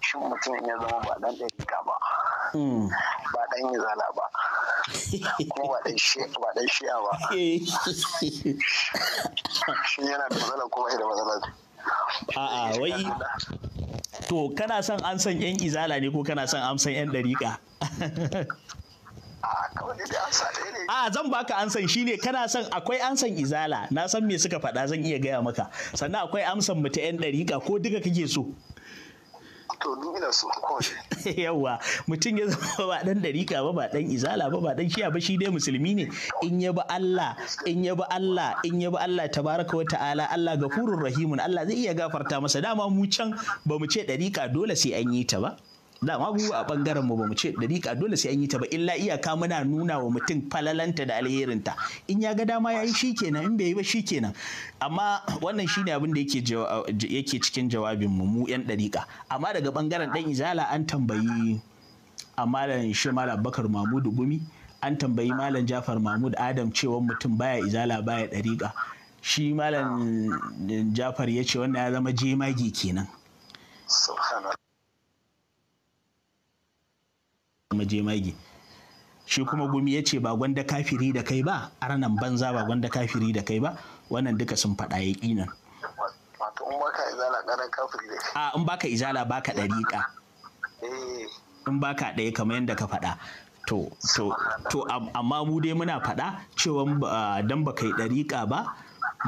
shin mutum ya zama ba dan ɗari ba Hmm. ba dan izala ba kuma ba dan shiya ba shi yana da matsala kuma da matsala a'a wai to kana son an san yan izala ne ko kana son an san yan dariƙa A zan baka ansan shine kana son akwai ansan izala na san me suka faɗa zan iya gaya maka sannan akwai amsan mu ta yan ɗariƙa ko duka kake so. to ina so kawai yawa mutum ya zama ba dan dariƙa ba ba dan izala ba ba dan shiya ba shi dai musulmi ne in ya ba Allah in ya bi Allah in ya ba Allah tabaraka wa ta'ala Allah gafurur rahimun Allah zai iya gafarta masa dama mu can ba mu ce dariƙa dole sai an yi ta ba da ma a bangaren mu ba mu ce dariƙa dole sai an yi ta ba illa iyaka muna nuna wa mutum falalanta da alherinta in ya ga dama yayi shikenan in bai yi ba shikenan amma wannan shine abin da yake yake cikin jawabin mu mu yan dariƙa amma daga bangaren dan izala an tambayi a malam shi malam bakar mahmudu gumi an tambayi malam jafar mahmud adam cewa mutum baya izala baya dariƙa shi malam jafar ya ce wannan ya zama jemage kenan majemagi shi kuma gumi ya ce ba gwanda kafiri da kai ba a ranar banza ba gwanda kafiri da kai ba wannan duka sun faɗa ya ƙinan wato in baka izala a in baka izala baka ɗariƙa eh. in baka ɗaya kamar yadda ka faɗa to to to amma mu dai muna faɗa cewa dan baka yi ɗariƙa ba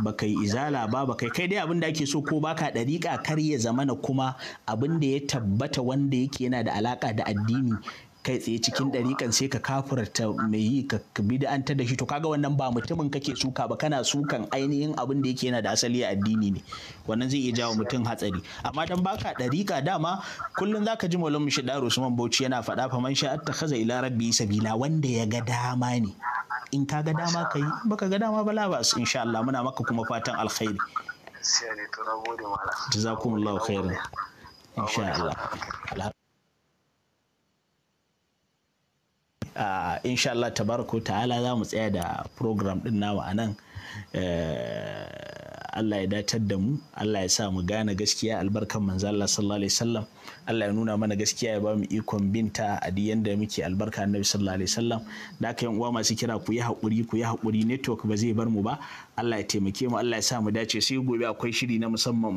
baka yi izala ba baka kai dai abin da ake so ko baka ɗariƙa kar ya zamana kuma abin da ya tabbata wanda yake yana da alaƙa da addini kai tsaye cikin ɗariƙan sai ka kafurta mai yi ka bid'antar da shi to kaga wannan ba mutumin kake suka ba kana sukan ainihin abin da yake yana da asali a addini ne wannan zai iya jawo mutum hatsari amma dan baka ɗariƙa dama kullum zaka ji maulana su usman bauchi yana faɗa fa man sha'at takhaza ila rabbi sabila wanda ya ga dama ne in ka ga dama kai baka ga dama ba labas insha Allah muna maka kuma fatan alkhairi jazakumullahu khairan insha Allah Uh, insha Allah tabaraka ta'ala za mu tsaya da program din nawa anan uh, Allah ya datar da mu Allah ya sa mu gane gaskiya albarkan manzo Allah sallallahu alaihi wasallam Allah ya nuna mana gaskiya ya ba mu ikon binta a duk yanda muke albarka annabi sallallahu alaihi wasallam da aka yan uwa masu kira ku yi hakuri ku yi hakuri network ba zai bar mu ba Allah ya taimake mu Allah ya sa mu dace sai gobe akwai shiri na musamman